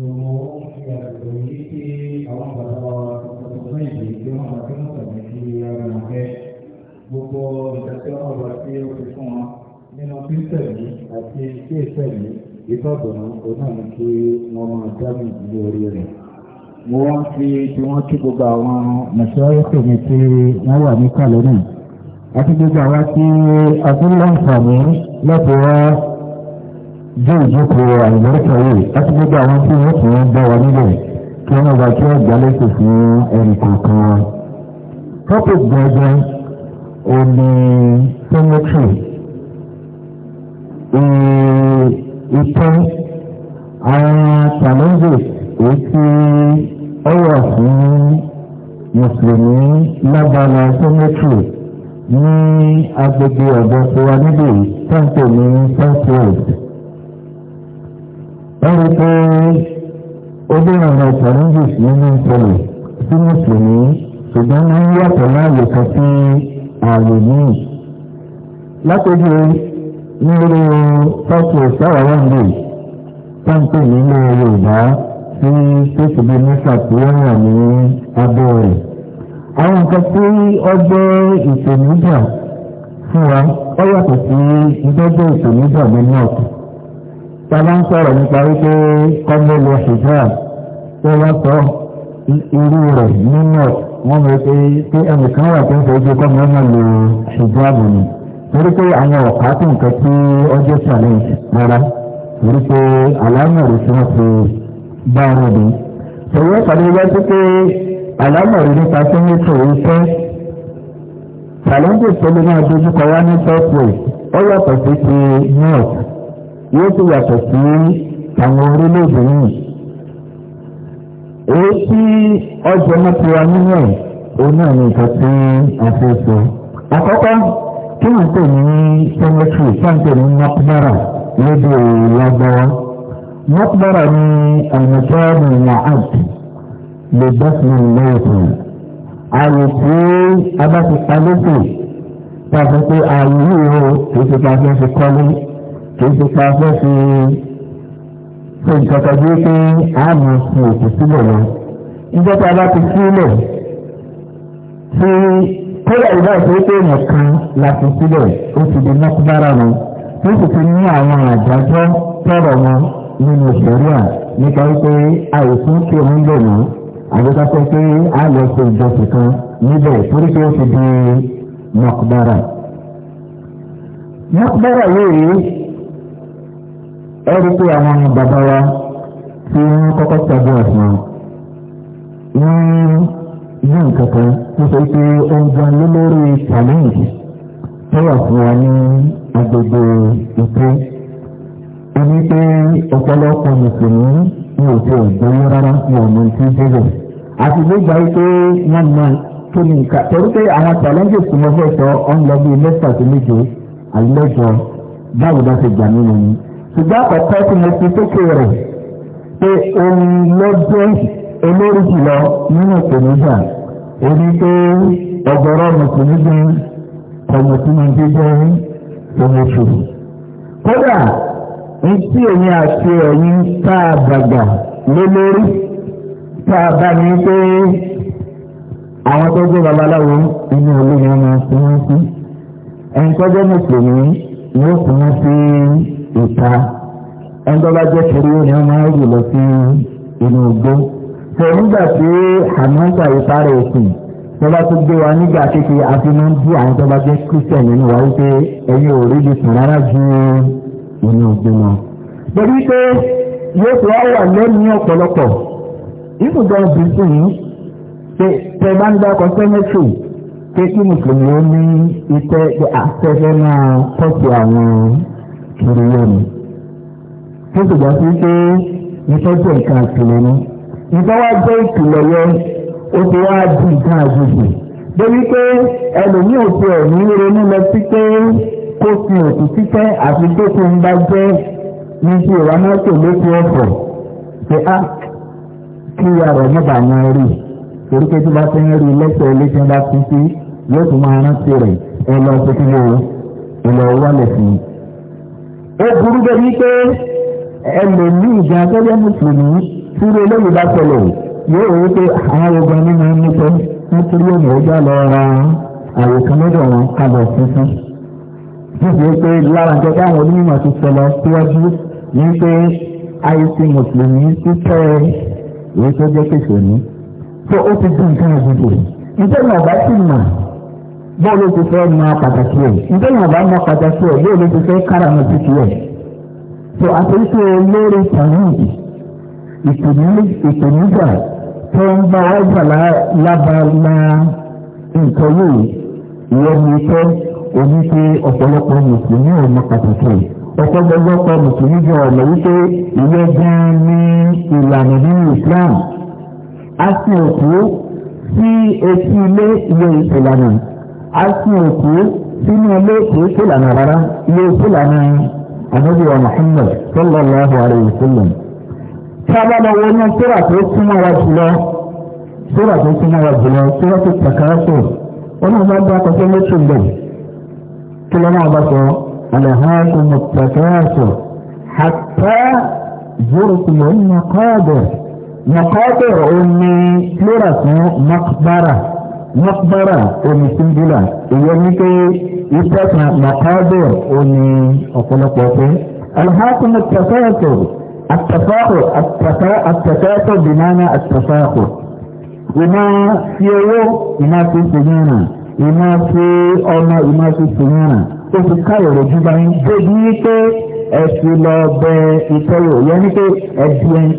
mo fi àgbègbè yìí sí àwọn bàbá wa tuntun ìdí tí wọ́n máa fi ń sọ̀rọ̀ sí ara wọn fẹ́ gbogbo ìdájọ́ ọ̀rọ̀ tí ó fi fún wọn nínú píntẹ̀lì àti kéèfẹ̀lì ìfọ̀bọ̀nà onáàmì tí wọ́n máa dámì ní orí rẹ̀. mo wá ń fi tí wọ́n kí gbogbo àwọn mẹ̀sọ́rọ́sọ mi tí wọ́n wà ní kàlẹ́ náà àti gbogbo àwọn tí a tún lọ́nfààní bí ìjókòó àìlọ́kọ̀ yìí láti gbogbo àwọn tí wọ́n tún ń bá wa nílẹ̀ kí wọ́n bá kí wọ́n gbà lẹ́sẹ̀ fún ẹnì kọ̀ọ̀kan wa. topic gbọ̀ngàn òní cemetery ìtàn àwọn challenges èyí tí ó wà fún mùsùlùmí lábala cemetery ní agbègbè ọ̀dọ́ tiwa níbi tẹ́ǹtẹ̀ ní south west ẹni pé obìnrin ọkùnrin jù sí ní ìpolò sí mùsùlùmí ṣùgbọ́n ní yàtọ̀ láàyè kan sí ààyè míì. lápẹjù ní orí fọ́ọ̀tù sáwà wọ́ndé táǹpì nílé yorùbá sí ṣéṣù bíi mẹ́fà tí wọ́n wà ní abẹ́ rẹ̀. àwọn nǹkan tí ọjọ́ ìpèníjà fún wa ó yàtọ̀ sí ìdọ́jọ́ ìpèníjà ní north tàbá ń sọ̀rọ̀ nípa wípé kọ́mọ́lù ṣùgbọ́n tó wọ́n sọ irú rẹ̀ nínú wọ́n mọ̀ pé pé ẹnìkan wà tó ń sọ ojú kọ́mọ́lù ṣùgbọ́n àbò ni torí pé àwọn ọ̀pá tó nǹkan tí ọjọ́ challenge rárá torí pé àlámọ̀rì tí wọ́n ti bá ara dé. sọ̀rọ̀ pàdé wájú pé àlámọ̀rì nípa tó ní tòun fẹ́ challenges tó lè máa dojú wá ní south west ó yàtọ̀ sí ti north yóò sì yàtọ̀ sí àwọn orílẹ̀-èdè yìí. èyí tí ọjọ́ náà ti wá nínú ẹ̀ òun náà ní nǹkan tí a fẹ́ sọ. àkọ́kọ́ kí wọ́n pè ní cemetery sáǹtẹ̀ ní nọ́pùmọ́rà lédè lágbára. nọ́pùmọ́rà ni àyànfẹ́ẹ́nì yahad lè bẹ́sìn lẹ́yìn ààyè tí a bá ti pa lókè tá pé ààyè yìí ó kì í ṣe fi kọ́lé kìí ṣe pa fẹ́ fi ṣe ìkọ̀kọ̀ bí pé àmì fi òkú sílẹ̀ lọ. ìjọba bá ti sílẹ̀ tí kódà ìbá ìṣe pé nìkan la fi sílẹ̀ ó ti di mọ́kúbára lọ. tó sì ti ní àwọn àjájọ́ tọrọ wọn nínú ìṣẹ̀ríà nípa wípé àìsàn tí òun lè mọ́ àgbékápẹ́ pé a lọ ṣe ìjọsìn kan níbẹ̀ torí pé ó ti di mọ́kúbára. mọ́kúbára yìí ẹ̀rí pé àwọn bàbá wa tí wọ́n kọ́kọ́ tọ́jú ẹ̀sìn wọ́n ní nǹkankan nítorí pé oúnjẹ lé lórí challenge tó wà fún wa ní agbègbè ètò ẹni pé ọ̀pọ̀lọpọ̀ mùsùlùmí ní òkè ògbóyún rárá ní ọ̀nà tí ó débẹ̀ àti gbégbá pé wọ́n mọ kí ni nǹkan torí pé àwọn challenges tí mo fẹ́ sọ ọ̀n lọ bí mẹ́fà sí méje àlejò báwo bá ṣe gbà nínú yìí ṣùgbọ́n àkọ́kọ́ tí mo fi sókè rẹ̀ pé òun ló jẹ́ olórí jùlọ nínú ìpèníjà èyí pé ọ̀gọ̀rọ̀ mùsùlùmí jẹ́ kọ̀mùsùlùmí jíjẹ́ oṣù. kódà ní tí èmi àti ẹ̀yin tá a dàgbà lé lórí tá a bá ní pé àwọn tó gbé babaláwo inú olóyún ọmọ fún wọn sí ẹni tó jẹ́ mùsùlùmí yóò fún wọn sí ìta ẹgbẹ́lá jẹ́ torí ni wọ́n máa ń rì lọ sí inú igbó. sọ nígbà tí àmọ́ǹtà ìta rẹ̀ sùn tọ́ba tó gbé wa nígbà kékeré àti máa ń bí àwọn tọ́ba jẹ́ christian nínú wa wípé ẹ̀yin ò rí lè sùn rárá ju inú igbó lọ. torí pé yóò tó wà lẹ́nu ọ̀pọ̀lọpọ̀ ìfúnjọ bìtì yìí pé tẹ bá ń dákọ̀ sẹ́mẹ́tì pé kí mùsùlùmí ó ní ìtẹ́ àtẹ́fẹ́ náà tọ́sí àwọn kiri yóò ní. tó sì gbà sí pé ìtọ́jú ẹ̀ka ìpìlẹ̀ ni. ìtọ́wá jẹ́ ìpìlẹ̀ yẹn ó ti wá di nǹkan àjèjì. débi pé ẹlòmíì ò ti ẹ̀ ní ronú lọ sí pé kó fi òkú títẹ́ àfi tó fi ń bá jẹ́ ní ti ìwà mọ́tò lókè ọ̀fọ̀ pé á ah, kí ara nígbà wọn rí torí pé tí bá ti ń rí lẹ́sẹ̀ lẹ́sẹ̀ bá ti sí yóò tún máa rántí rẹ̀ ẹ lọ sí kí lóo ẹ lọ wálẹ̀ sí i ó burú bẹ́ẹ̀ wípé ẹlòmíì ìjà abẹ́lé mùsùlùmí tí ilé olóyè bá sọlẹ̀ yóò rí pé àwọn ogun ẹni máa ń nífẹ̀ẹ́ nítorí ọ̀nà ọjà lọ ra àwòkán lọ́dọ̀ wọn kalẹ̀ funfun. Níbi pé lára jẹ́ káwọn onímọ̀ ti sọlọ síwájú ní pé àìsí mùsùlùmí títẹ́ èyí tó jẹ́ kéṣe ní. Tó ó ti dín nǹkan àgùntàn. Ìjọba ọ̀bá sì mà bọ́ọ̀lù ti fẹ́ mọ pàtàkì ẹ̀ ǹjẹ́ yóò bá mọ pàtàkì ẹ̀ bọ́ọ̀lù ti fẹ́ káràmọ́ títí ẹ̀ tó àtúntò lórí tàwíìdì ìpèníjà tó ń bá ọjà lábala nǹkan yìí ìyẹn ní pé omi pé ọ̀pọ̀lọpọ̀ mùsùlùmí ò mọ pàtàkì ẹ̀ ọ̀pọ̀lọpọ̀ mùsùlùmí jọ ọ̀nà wípé ilé gan ní ìlànà nínú Islam a sì òkú sí etí ilé ilé ìsìlànà. a sin òkú sínú ilé kìí sílànà rárá ilé sílànà àdébíwá Muhammad sallallahu alayhi wa sallam. sábà lọ wọ ní sóra tó súnmọ́ wa jùlọ sóra tó súnmọ́ wa jùlọ sóra tó tàkàṣọ wọn náà bá bá kọsẹ́ lóṣù bẹ́ẹ̀ kí ló náà bá sọ alahaakum tàkàṣọ hatta zurtum maqabir maqabir òun ni flora fún makbara. mọ́kúbárà omi síngúlà ìyẹn ní pé ìtẹ́sán màkàdọ̀ omi ọ̀pọ̀lọpọ̀ pé alhakun tafẹ́ẹ̀tọ̀ àtàfáàkọ̀ àtàfáàkọ̀ bìnánà àtàfáàkọ̀ ìmá fi owó ìmá fi sèmínà ìmá fi ọmọ ìmá fi sèmínà ó fi káyọ̀ rẹ̀ jùlọ ní débi wípé ẹ̀sìn lọ bẹ ìtẹ́wò yẹn ní pé ẹ̀dí ẹni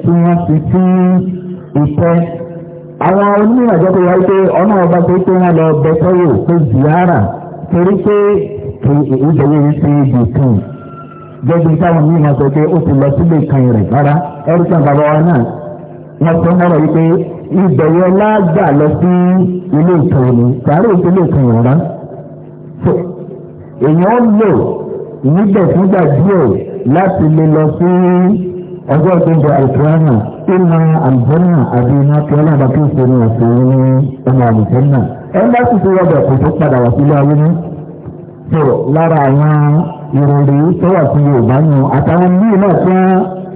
àwọn onímọ̀jọ́ tó wáyé pé ọ̀nà ọba tó pé wọ́n lọ bẹ sọ́wọ́ pé ziyara torí pé ìjọba yìí ṣe ibi kan gẹ́gẹ́ táwọn mímọ̀ sọ pé ó ti lọ sílé kan rẹ̀ rárá ẹ̀ríkà bàbá wa náà wọ́n sọ mọ́rọ̀ wípé ìbẹ̀yẹ lágbà lọ sí ilé ìtàn òní sàárè ìpínlẹ̀ ìtàn ìrọ̀rá èèyàn lò níbẹ̀ fúngbà díẹ̀ láti lè lọ sí ọjọ́ ìgbìndì àìsíwájú ìmọ̀ àlùjẹ́nà àbí iná tí ọlọ́ọ̀bá tó ń ṣe ní ọ̀sẹ̀ ní ọmọ àlùjẹ́nà ẹ bá sì ti rọ̀bẹ̀ kò tó padà wá sílé ayé ní. tó lára àwọn ìròrí tó wà sí Yorùbá nù àtàwọn míì náà tó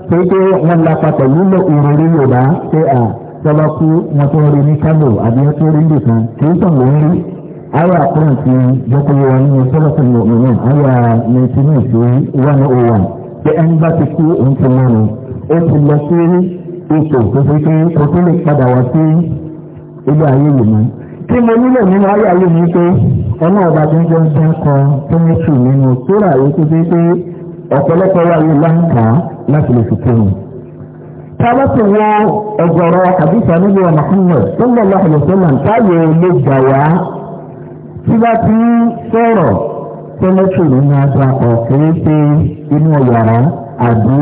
pé pé wọ́n lapa pẹ̀lú ìròrí Yorùbá pé à tọ́lá kú wọn tó rí ní Kano àbí wọn tó rí ní kan kì í sàn wọ́n rí. ayé àkúrò ti jẹ́ pé wọn ní sọ́lọ́sìn pé ẹni bá ti kú òun ti mọ́nu ó ti lọ sí ipò tó fi pé kò tó lè padà wá sí ilé ayé yìí mọ́. tí mo nílò nínú ayé ayé mi pé ọmọ ọba tó ń jẹ́ ń tán kan tó ní sùn nínú sóra yìí tó fi pé ọ̀pọ̀lọpọ̀ wà ní láǹkà láti lè fi kéwòn. Tábàtì wọ ọ̀gọ̀rọ̀ àdìsá níbi ọmọ Muhammad sallallahu alaihi wasallam táyọ̀ lè gbà wá tí bá ti sọ̀rọ̀ sẹ́mẹ́tìrì ní adakọ̀ kìí ṣe inú yàrá àbí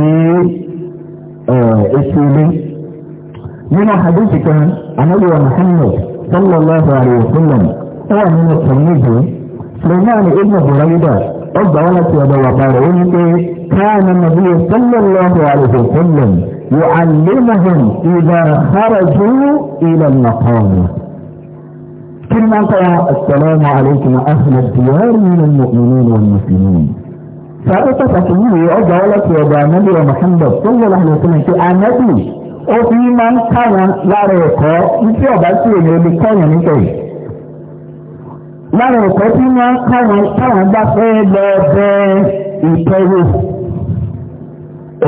èsì ilé. nínú àdéhùn kan anáwó Muhammad sallallahu alayhi wa sallam ó wà nínú tẹ̀lẹ́dẹ̀ suleiman ibn buraida ọgbà wọn láti ọ̀dọ̀ wà bàrẹ̀ ó pé káàní nàbí sallallahu alayhi wa sallam yóò àlè mahim ìdá harajú ilẹ̀ nàkọ́ọ̀nù. ثم انقرا السلام عليكم أهل الديار من المؤمنين والمسلمين فأتى تسميه أجا ولك يا النبي محمد صلى الله عليه وسلم في أنبي وفي من كان لا ريكو يتي أبا سيني بكان ينكي لا ريكو في من كان كان بفيد بفيد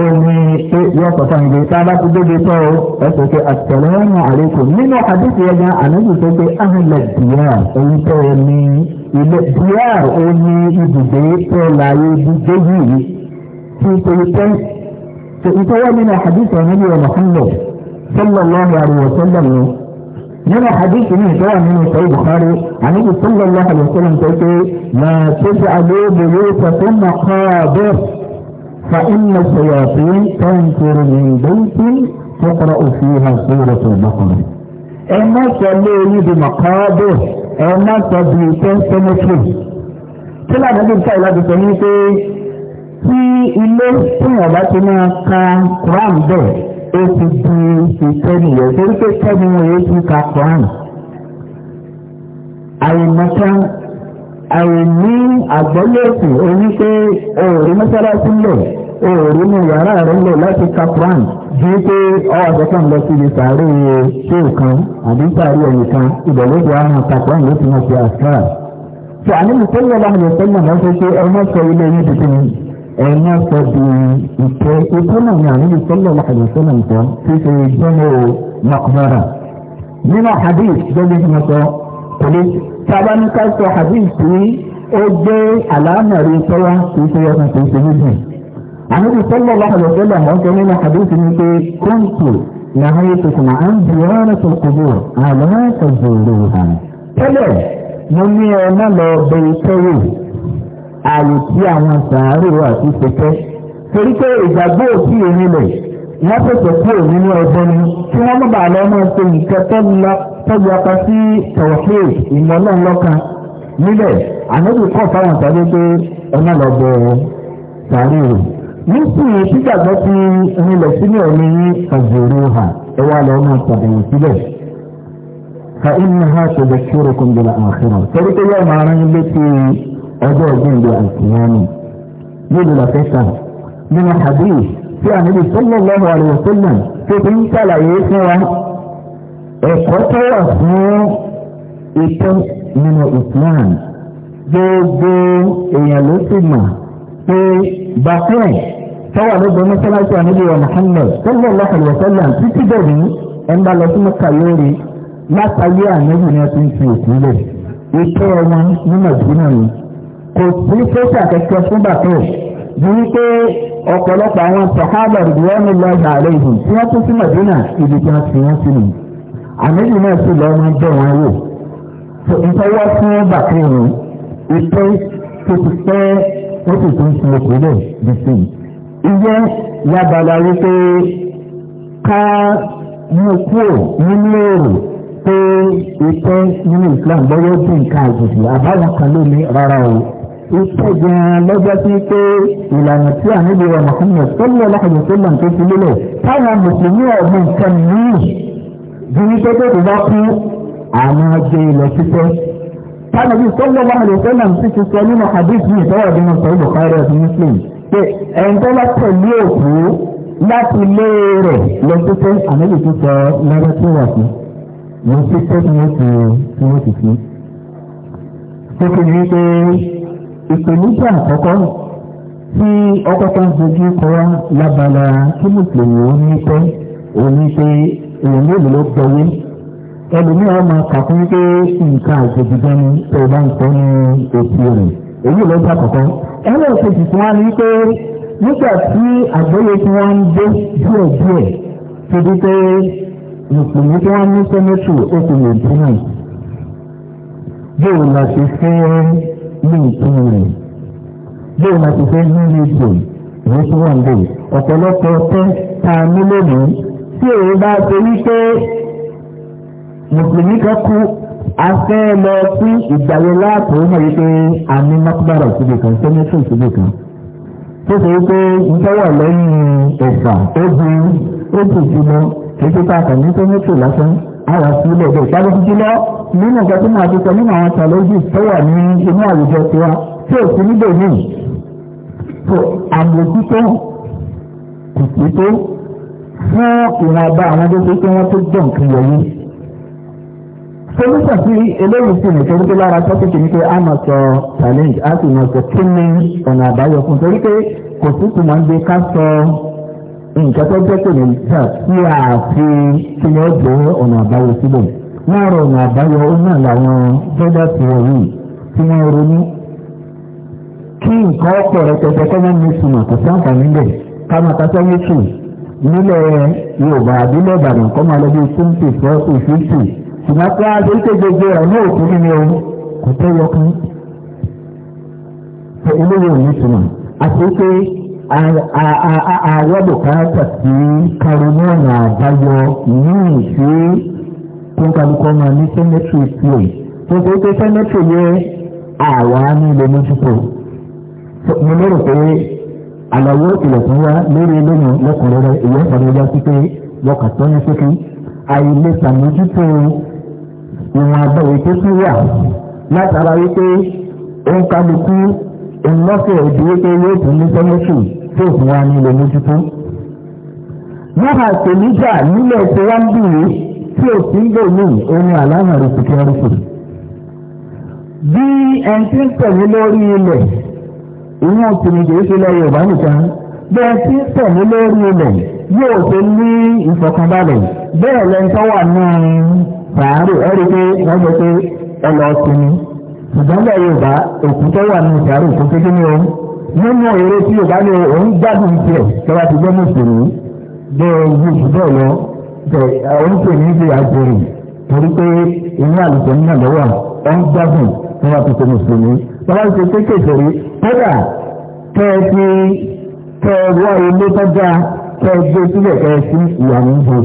omi ṣe yọ sọ̀tàn ìdè tábà ti débi tọ́ o ẹ̀sẹ̀ ṣe àtẹ̀lẹ́wọ̀n àlékò nínú àdìsí ẹja ànájú tó gbé ahìlẹ̀ dr èyí tẹ́ ẹ ní ilé dr ó ní ibùdó tó láyé ibùdó yìí tí torí tẹ́ ṣe ìtọ́wọ́ nínú àdìsí ẹ̀nàbí ọ̀nà fúnlẹ̀ sallallahu alaihi wa sallam ni nínú àdìsí ní ìtọ́wọ́ nínú sọ́yìn Bukhari ànájú sallallahu alaihi wa sallam فإن الشياطين تنفر من بيت تقرأ فيها سورة البقرة أما صلوني بمقابر أما صديقين سنفر كلا نبي بتاع الله بسنيته tí ilé tíyàn bá ti máa ka quran bẹ́ẹ̀ ó ti di ìfẹ́ nìyẹn torí pé kẹ́ni àìní àgbọ́lẹ́kùn oníṣẹ́ òòrí mọ́sálásí lẹ̀ òòrí ní yàrá rẹ̀ lẹ̀ láti kapran ju pé ọwọ́ àtọ́kàn lọ sí ibi sàárè ṣé kan àbí sàárè ẹnìkan ìbẹ̀lẹ́dì àwọn kapran ló ti mọ̀ sí àṣà. sọ àníbi tó lọ́wọ́ àwọn ẹ̀sẹ̀ náà wọ́n fẹ́ ṣe ọmọ sọ ilé yìí tuntun ẹ̀yìn ọ̀sẹ̀ di ìtẹ́ ikú náà ní àníbi tó lọ́wọ́ àwọn ẹ̀sẹ̀ náà nǹkan tí ṣe jẹ́ nínú hadith tẹ̀lé tábà ní ká sọ hadith tí ó gbé àlámọ̀rí tọ́wọ́ kì í ṣe ọkàn kì í ṣe níbi. àníbi sọ́lọ́ lọ́kàlọ́ sọ́lọ́ àwọn ọkọ̀ nínú hadith ni pé kóńtù làwọn ètò kùnà á ń bì ọ́nà tó kúrò àlọ́ ẹ̀kọ́ tẹ́lẹ̀ mo ní ẹ má lọ bẹ iṣẹ́ àyè tí àwọn sàárò àti ṣẹkẹ́ torí pé ìgbàgbọ́ òsì èmi lẹ̀ látẹ̀tẹ̀ kúrò nínú ẹgbẹ́ ni kí wọ́n mọ̀ bá lọ ọmọ ẹgbẹ́ nìkan tọ́jú apá sí tọ̀wọ̀pé ìmọ̀lọ́ọ̀lọ́kan níbẹ̀ ànábì kọ́ fáwọn tàbí pé ọ̀nà lọ́bọ̀ sàárè rẹ̀ nísìnyí sígbàgbọ́ ti rinlẹ̀ sínú ẹ̀mí ọ̀gbẹ̀rù hà ẹ wá lọ ọmọ ṣàbẹ̀wò síbẹ̀ ka iná ha ṣe lè ṣúrò kún bí àkùrọ̀ torí pé yóò máa rán létí ọjọ́ ọgbìn bí àkùrọ̀ ni yóò lè lọ fẹ́ sàn nínú hadith tí ànábì sallallahu alaihi wasallam tó ti ń ṣàlàyé fún wa ẹ̀kọ́ tó wà fún ètò nínú Islam gbogbo èèyàn ló sì mà pé bàtẹ́ tọ́wà ló gbọ́n mọ́sálásí ànábì wa Muhammad sallallahu alaihi wasallam títí bẹ̀rẹ̀ ẹ̀ ń bá lọ sí mọ́kà lórí látàyé ànábì ni wọ́n ti ń fi òfin lẹ̀ ètò ọmọ nínú ìdúná yìí kò sí fẹ́ṣà kẹ́kẹ́ fún bàtẹ́ ju wípé ọ̀pọ̀lọpọ̀ àwọn sọ̀hábà ìdíwọ́nù lọ́jà àlejò tí wọ́n tún sí mẹ̀dínà ibi tí wọ́n fi wọ́n sí nìyí. àmẹ́jì náà sì lọ́ máa bẹ̀ wọ́n wò. ìtọ́wọ́ fún bàkẹ́ rẹ̀ ìpè tó ti pẹ́ wọ́n sì tún fi òkú lẹ̀ bí sí i. ìyẹ́ yabala wípé ká mú kúrò nínú èrò pé ìpè nínú ìsìlámù lọ́wọ́ bí nǹkan àjòjì àbáwọn kan ló rárá o iṣẹ́ gan-an lọ́jọ́ sí pé ìlànà tí àníbi wa Muhammad sọ́lọ́ láàyè sọ́lọ́ tó fi lélẹ̀ táwọn mùsùlùmí ọ̀gbìn nǹkan mìíràn bí wípé tó kò bá kú àwọn ajé ilẹ̀ e títẹ́. táwọn bí sọ́lọ́ láàyè sọ́lọ́ sì ti sọ nínú hadith ní ìtọ́wọ̀ bí wọn sọ̀rọ̀ Bukhari àti Muslim pé ẹ̀ń tó bá tẹ̀lé òkú láti lé rẹ̀ lọ títẹ́ àníbi tó sọ lọ́jọ́ tí wà sí lọ títẹ́ tí wọ́n ti fi ìpèníjà àkọ́kọ́ tí ọkọ̀ kan dojú kọ lábala kí mùsùlùmí ó ní pẹ́ òní pé èèyàn mélòó ló gbọ́wé ẹlòmíràn máa kà fún pé nǹkan àjèjì gan ni tó bá ń sọ ní òsì rẹ̀ èyí ló jẹ́ àkọ́kọ́ ẹlẹ́ẹ̀kejì tí wọ́n á ní pé nígbà tí àgbóyè tí wọ́n ń dé díẹ̀ díẹ̀ ti di pé mùsùlùmí tí wọ́n ní sẹ́mẹ́tì ó ti lè dín náà yóò lọ sí fún ní ìtumọ̀ rẹ̀ bí o máa ti fẹ́ ní rédíò ìwé tí wọ́n ń bò ọ̀pọ̀lọpọ̀ ọtẹ́ tá a ní lónìí tí èyí bá ṣe wípé mùsùlùmí kan kú a fẹ́ lọ sí ìgbàlè láàpò mọ̀ wípé a ní mọ́kúbàrà síbi kan sẹ́mẹ́tì síbi kan tó ṣe wípé ìtọ́wọ̀ lẹ́yìn ẹ̀fà ó bu ó bù jùlọ kí ó tó ta àkànní sẹ́mẹ́tì lásán àwọn sílẹ̀ bẹ́ẹ̀ sábẹ́ títí lọ nínú ọ̀gá tó máa dúpọ̀ nínú àwọn challenges tó wà ní inú àwùjọ tiwa tí ò sí níbẹ̀ yìí tó àmójútó kùtùtù fún ìwọ̀nba àwọn tó ṣe pé wọ́n tó dùn kí wọ̀nyí. solution sí eléyìí sì nìkan wípé lára tọ́pìkì ni pé a máa sọ challenge a sì máa sọ kí ni ọ̀nà àbáyọ fún torí pé kò sí kùmọ̀ ń gbé ká sọ nǹkan tó jẹ́ pé ní tí a fi kí ni ó jẹ́ ọ̀nà àbáyọ síbẹ̀ láàárọ̀ ọ̀nà àbáyọ ó náà làwọn jẹ́dá ti wọ̀ yìí tí wọ́n ronú kí nǹkan ọ̀pọ̀ rẹpẹtẹ kọ́ mọ́ mi sùn àkọ́ sí àǹfààní bẹ̀ ká máa ta sẹ́yìn sùn nílẹ̀ Yorùbá àbílẹ̀ Ìbàdàn kọ́ máa lọ bí twenty four to fifty ṣùgbọ́n pé a ṣe ń tẹ́jọ́ gbé ọ̀ ní òkú nínú ewu kò tẹ́ yọ kán. eléyìí àwọn bùkátà sí karonọ́ọ̀nà àbáyọ yìí sí tó ń kálukọ́ máa ní sẹ́mẹ́tì sí ẹ̀ tó ṣe pé sẹ́mẹ́tì yẹ àwa ní ilé mójútó mo lérò pé àlàyé ìlẹ̀kùn wa lórí lónìí lọ́kùnrẹ́rẹ́ ìwé ìpàdé ọjà sí pé lọ́kà tó ń ṣókí àìlè sàmójútó ìwọ̀n àbẹ̀wò tó tún wà látara wípé ó ń kálukú ìlọ́sẹ̀ ìdíwé pé yóò tún ní sẹ́mẹ́sì tó fún wa ní ilé mójútó. Yóò tèmíjà nílẹ̀ tí wọ́n ń bìrì tí ò sí ń lò ní omi àlámọ̀rí security. Bí ẹni tí ń tẹ̀lé lórí ilẹ̀, ìwọ̀n tèmíjà ìṣe lọ Yorùbá nìkan, bẹ́ẹ̀ tí ń tẹ̀lé lórí ilẹ̀ yóò ṣe ní ìfọ̀kànbalẹ̀ bẹ́ẹ̀ lẹ́ńtọ́ wà ní sàárè ẹ̀rí pé wọ́n sọ pé ẹ lọ́ọ́ sinmi ìdánlẹ̀ yorùbá òkú tó wà ní ìsàrò òkú tó kíni o nínú eré tí yorùbá ní òun gbádùn tiẹ̀ lọ́wọ́ ti gbé mùsùlùmí bẹ́ ẹ yí oṣù bẹ́ẹ̀ lọ bẹ́ òun pè ní ti àjèrè torí pé inú àlùkò ní àlọ́wà òun gbádùn lọ́wọ́ ti ṣe mùsùlùmí lọ́wọ́ ti ṣe kékeré kódà tẹ́ ẹ ti tẹ́ ẹ wá ilé tọ́jà tẹ́ ẹ gbé sílẹ̀ kẹ́ ẹ sí ìyàwó ń bo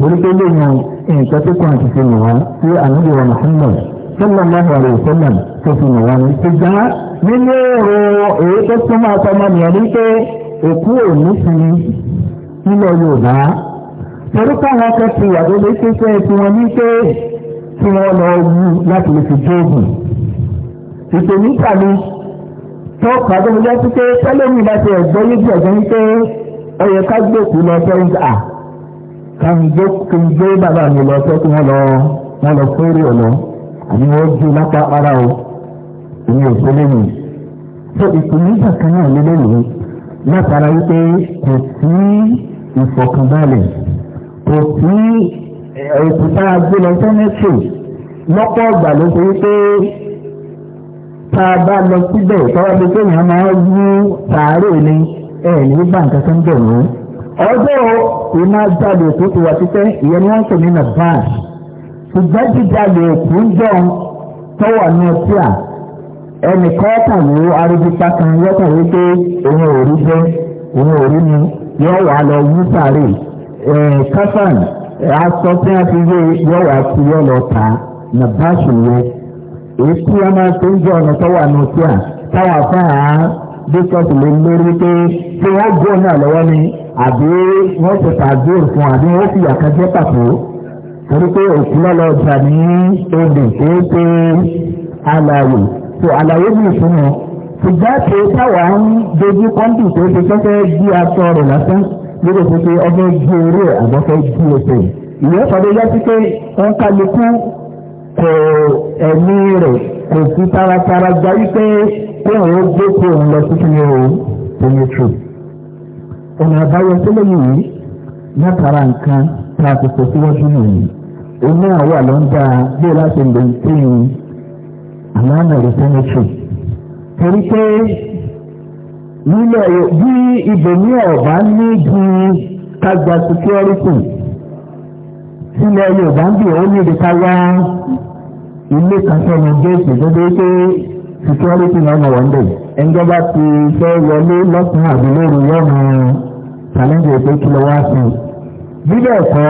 torí pé lóyún nǹkan tó kàn ti ṣe nìyẹn tí àníyàn Muhammad sallallahu alaihi wasallam tó fi mọ̀ wọn. ṣùgbọ́n nínú èrò èyí tó súnmọ́ àtọmọnìyàn ní pé òkú òní fi nílẹ̀ Yorùbá torí káwọn kan ti yàgò lé pípẹ́ tí wọ́n ní pé tí wọ́n lọ wú láti lè fi dóògùn. ìpèníjà ni tó kàdé mi jẹ́ pípé tẹ́lẹ̀mí bá ti ẹ̀gbọ́ yíjú ẹ̀gbọ́ ní pé ó yẹ ká gbòkú lọ sẹ́yìn à kàn gbé bàbá mi lọ sẹ́kùn wọn lọ wọn lọ fún èrè ọ̀lọ́ àní wọ́n ju lápá ara o èmi ò ṣe lẹ́nu so ìpèníjà kan náà lé lẹ́nu látara wípé kò sí ìfọ̀kànbalẹ̀ kò sí èkúta agbélọ sẹ́nẹ́tì lọ́pọ̀ ọgbà ló ṣe wípé tá a bá lọ síbẹ̀ tọ́wọ́ bí kéèyàn máa wú sàárè ni ẹ̀ ní bá nǹkan tó ń bẹ̀ mú ọjọ́ ìmájáde tó ti wà títẹ́ ìyẹn ni wọ́n ń pè ní nàbáàsì ṣùgbọ́n jíjalè òkú ń jọun tó wà ní ọtí à ẹnìkan tàbí arúgbó kan yọkàn wípé òun ò rí jẹ òun ò rí mu yóò wà lọ yí sàárè kásán aṣọ tí wọn fi yé yóò wà sí yóò lọ tà nà báṣù yẹ èyí tí wọn máa tó ń jẹ ọ̀nà tó wà ní ọtí à táwọn afáà bíkọ́sì lè lórí pé tí wọ́n gbọ́ náà lọ́wọ́ ni àbí wọ́n ti tàbí òfin àbí wọ́n fi yàtọ̀ jẹ́ pàtó torí pé òkú lọ́lọ́ ọjà ní odò tó ṣe alàyè tó alàyè bí ìfúnmọ́ ṣùgbọ́n tó táwa ń dojú kọ́ńtì tó ṣe fẹ́fẹ́ bí aṣọ rẹ̀ lásán lórí òṣèṣe ọgbẹ́ gbé orí ẹ̀ àgbọ̀fẹ́ gbé oṣù ìwé ìfọdé yá sí pé wọ́n kálukú kò ẹ̀mí rẹ̀ kò sí taratara gba wípé kóhùn ó gbé kóhùn lọ sí kí ni ó tó ní tù ọ̀nà àbáyọ sílẹ̀ yìí látara nǹkan tá a ti sọ síwájú nìyí òun náà wà lọ́ńdà bí ó láti lè tẹ̀yìn àlànà ìfẹ́mẹ́tì torí pé nílẹ̀ bí ibòmí ọ̀bá ní ju kágbà security sílẹ̀ yorùbá ń bì ó ní ìdíkà wá ilé kan sọ́nà géètì dédé pé security náà mọ̀ wọ́n dẹ̀ ẹ̀ńjọba ti fẹ́ wọlé lọ́sàn-án àbí lóru yọ̀ọ̀nù challenge ètò ìkìlọ̀ bíbẹ̀ kọ́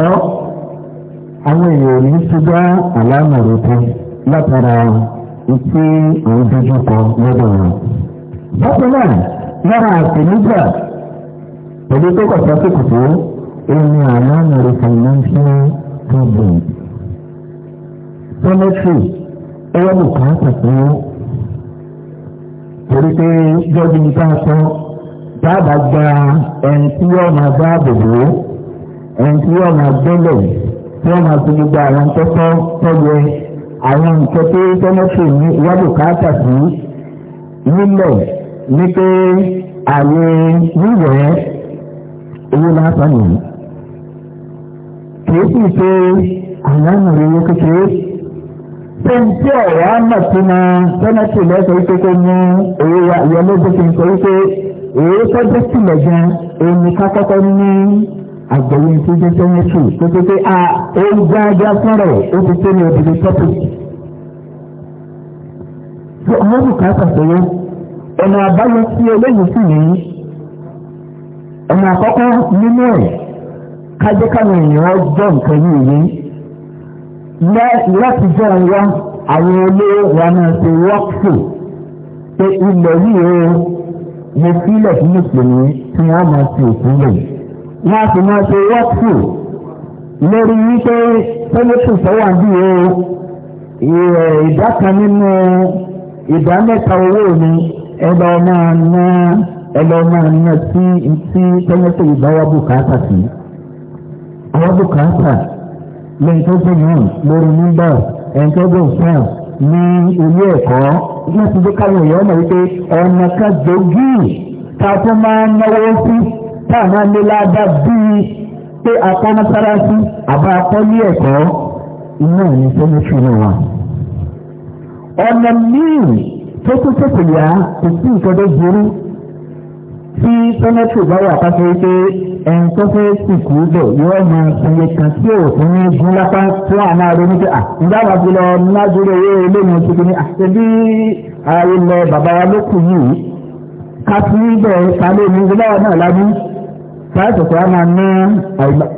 àwọn èèyàn ò ní ṣùgbọ́ àlámọ̀rò tó látara ìtí òun dojú kọ lọ́dọ̀ wọn. bákan náà lára àtẹnudà pẹ̀lú tó kọ̀ sọ́kòkòtò ìní àlámọ̀rò financial problem. sọ́mẹ́tì ẹ̀rọ nìkan pẹ̀lú torí pé jọ́jú ní ká sọ dábàá gba ẹni tí yóò máa dáàbò bò ó ẹni tí wọ́n máa gbẹ́lẹ̀ tí wọ́n máa fi gbogbo àwọn tọ́tọ́ tọ́yẹ àwọn nǹkan tó tọ́lọ́pọ̀ ní iwájú káàtà sí nílẹ̀ ní pé àyè wíwẹ̀ owó lásán nìyí. kìí sì ṣe àwọn ìrìnwó kékeré sẹ́ńtì ọ̀rọ̀ àmọ̀tínà sẹ́nẹ́tì lẹ́sọ̀ ìkókó ní owó wa ìyẹn ló dé fi ń sọ wípé èyí tọ́jú sílẹ̀ gan-an èmi ká kọ́kọ́ ní àgbẹ̀yẹ tí jẹ́ sẹ́yìnsù tó tó pé a ah, ó ń gbá ajá fúnra ẹ̀ ó ti tẹ́lẹ̀ obìnrin tọ́pù. tó ọmọ bùkátà sọ́yọ́ ọ̀nà àbáyọ sí eléyìí sì nìyí ọ̀nà àkọ́kọ́ nínú ẹ̀ kájẹ́ káwọn èèyàn jọ nǹkan yìí yìí láti jẹ́ ọ̀wọ́ àwọn olówó wa náà ṣe wọ́pù pé ilẹ̀ yìí o mo fílẹ̀ fún mùsùlùmí tí wọ́n máa ṣe òkú lòun wọ́n sì máa ṣe wọ́pù lórí wípé sẹ́lẹ̀tù sọ́wà bí o ìdá kan nínú ìdá mẹ́ta owó mi ẹ̀dọ̀ máa ná ẹ̀dọ̀ máa ná sí sí sẹ́lẹ̀tù ìbáwá bùkátà sí. àwọn bùkátà lẹ́yìn tó gbọ̀n náà lórí nígbà ẹ̀yìn tó gbọ̀n fún ní ilé ẹ̀kọ́ láti dé káwọn èèyàn mọ̀ wípé ọ̀nà kan gbòógì tá a tún máa náwó sí táàmà ní ládá bíi pé apá mọ́sálásí àbá apá ní ẹ̀kọ́ iná ní sẹ́mẹ́tì náà wà. ọ̀nà míì tó tún tètè yá kò sí nǹkan tó burú tí sẹ́mẹ́tì bá wà pàṣẹ wípé ẹ̀ǹ tó fẹ́ sìnkú bẹ̀ yóò mọ iye kan tí ò fún ní gún lápá fún àwọn aró pé à ǹjẹ́ àwọn àti lọ owó eléyìí ti fi ní àṣẹ ààrẹ lọ bàbá wa ló yìí ká fi ń ta lé ní ìgbéláwọ̀ náà lábú pàṣẹpọ̀ a máa ná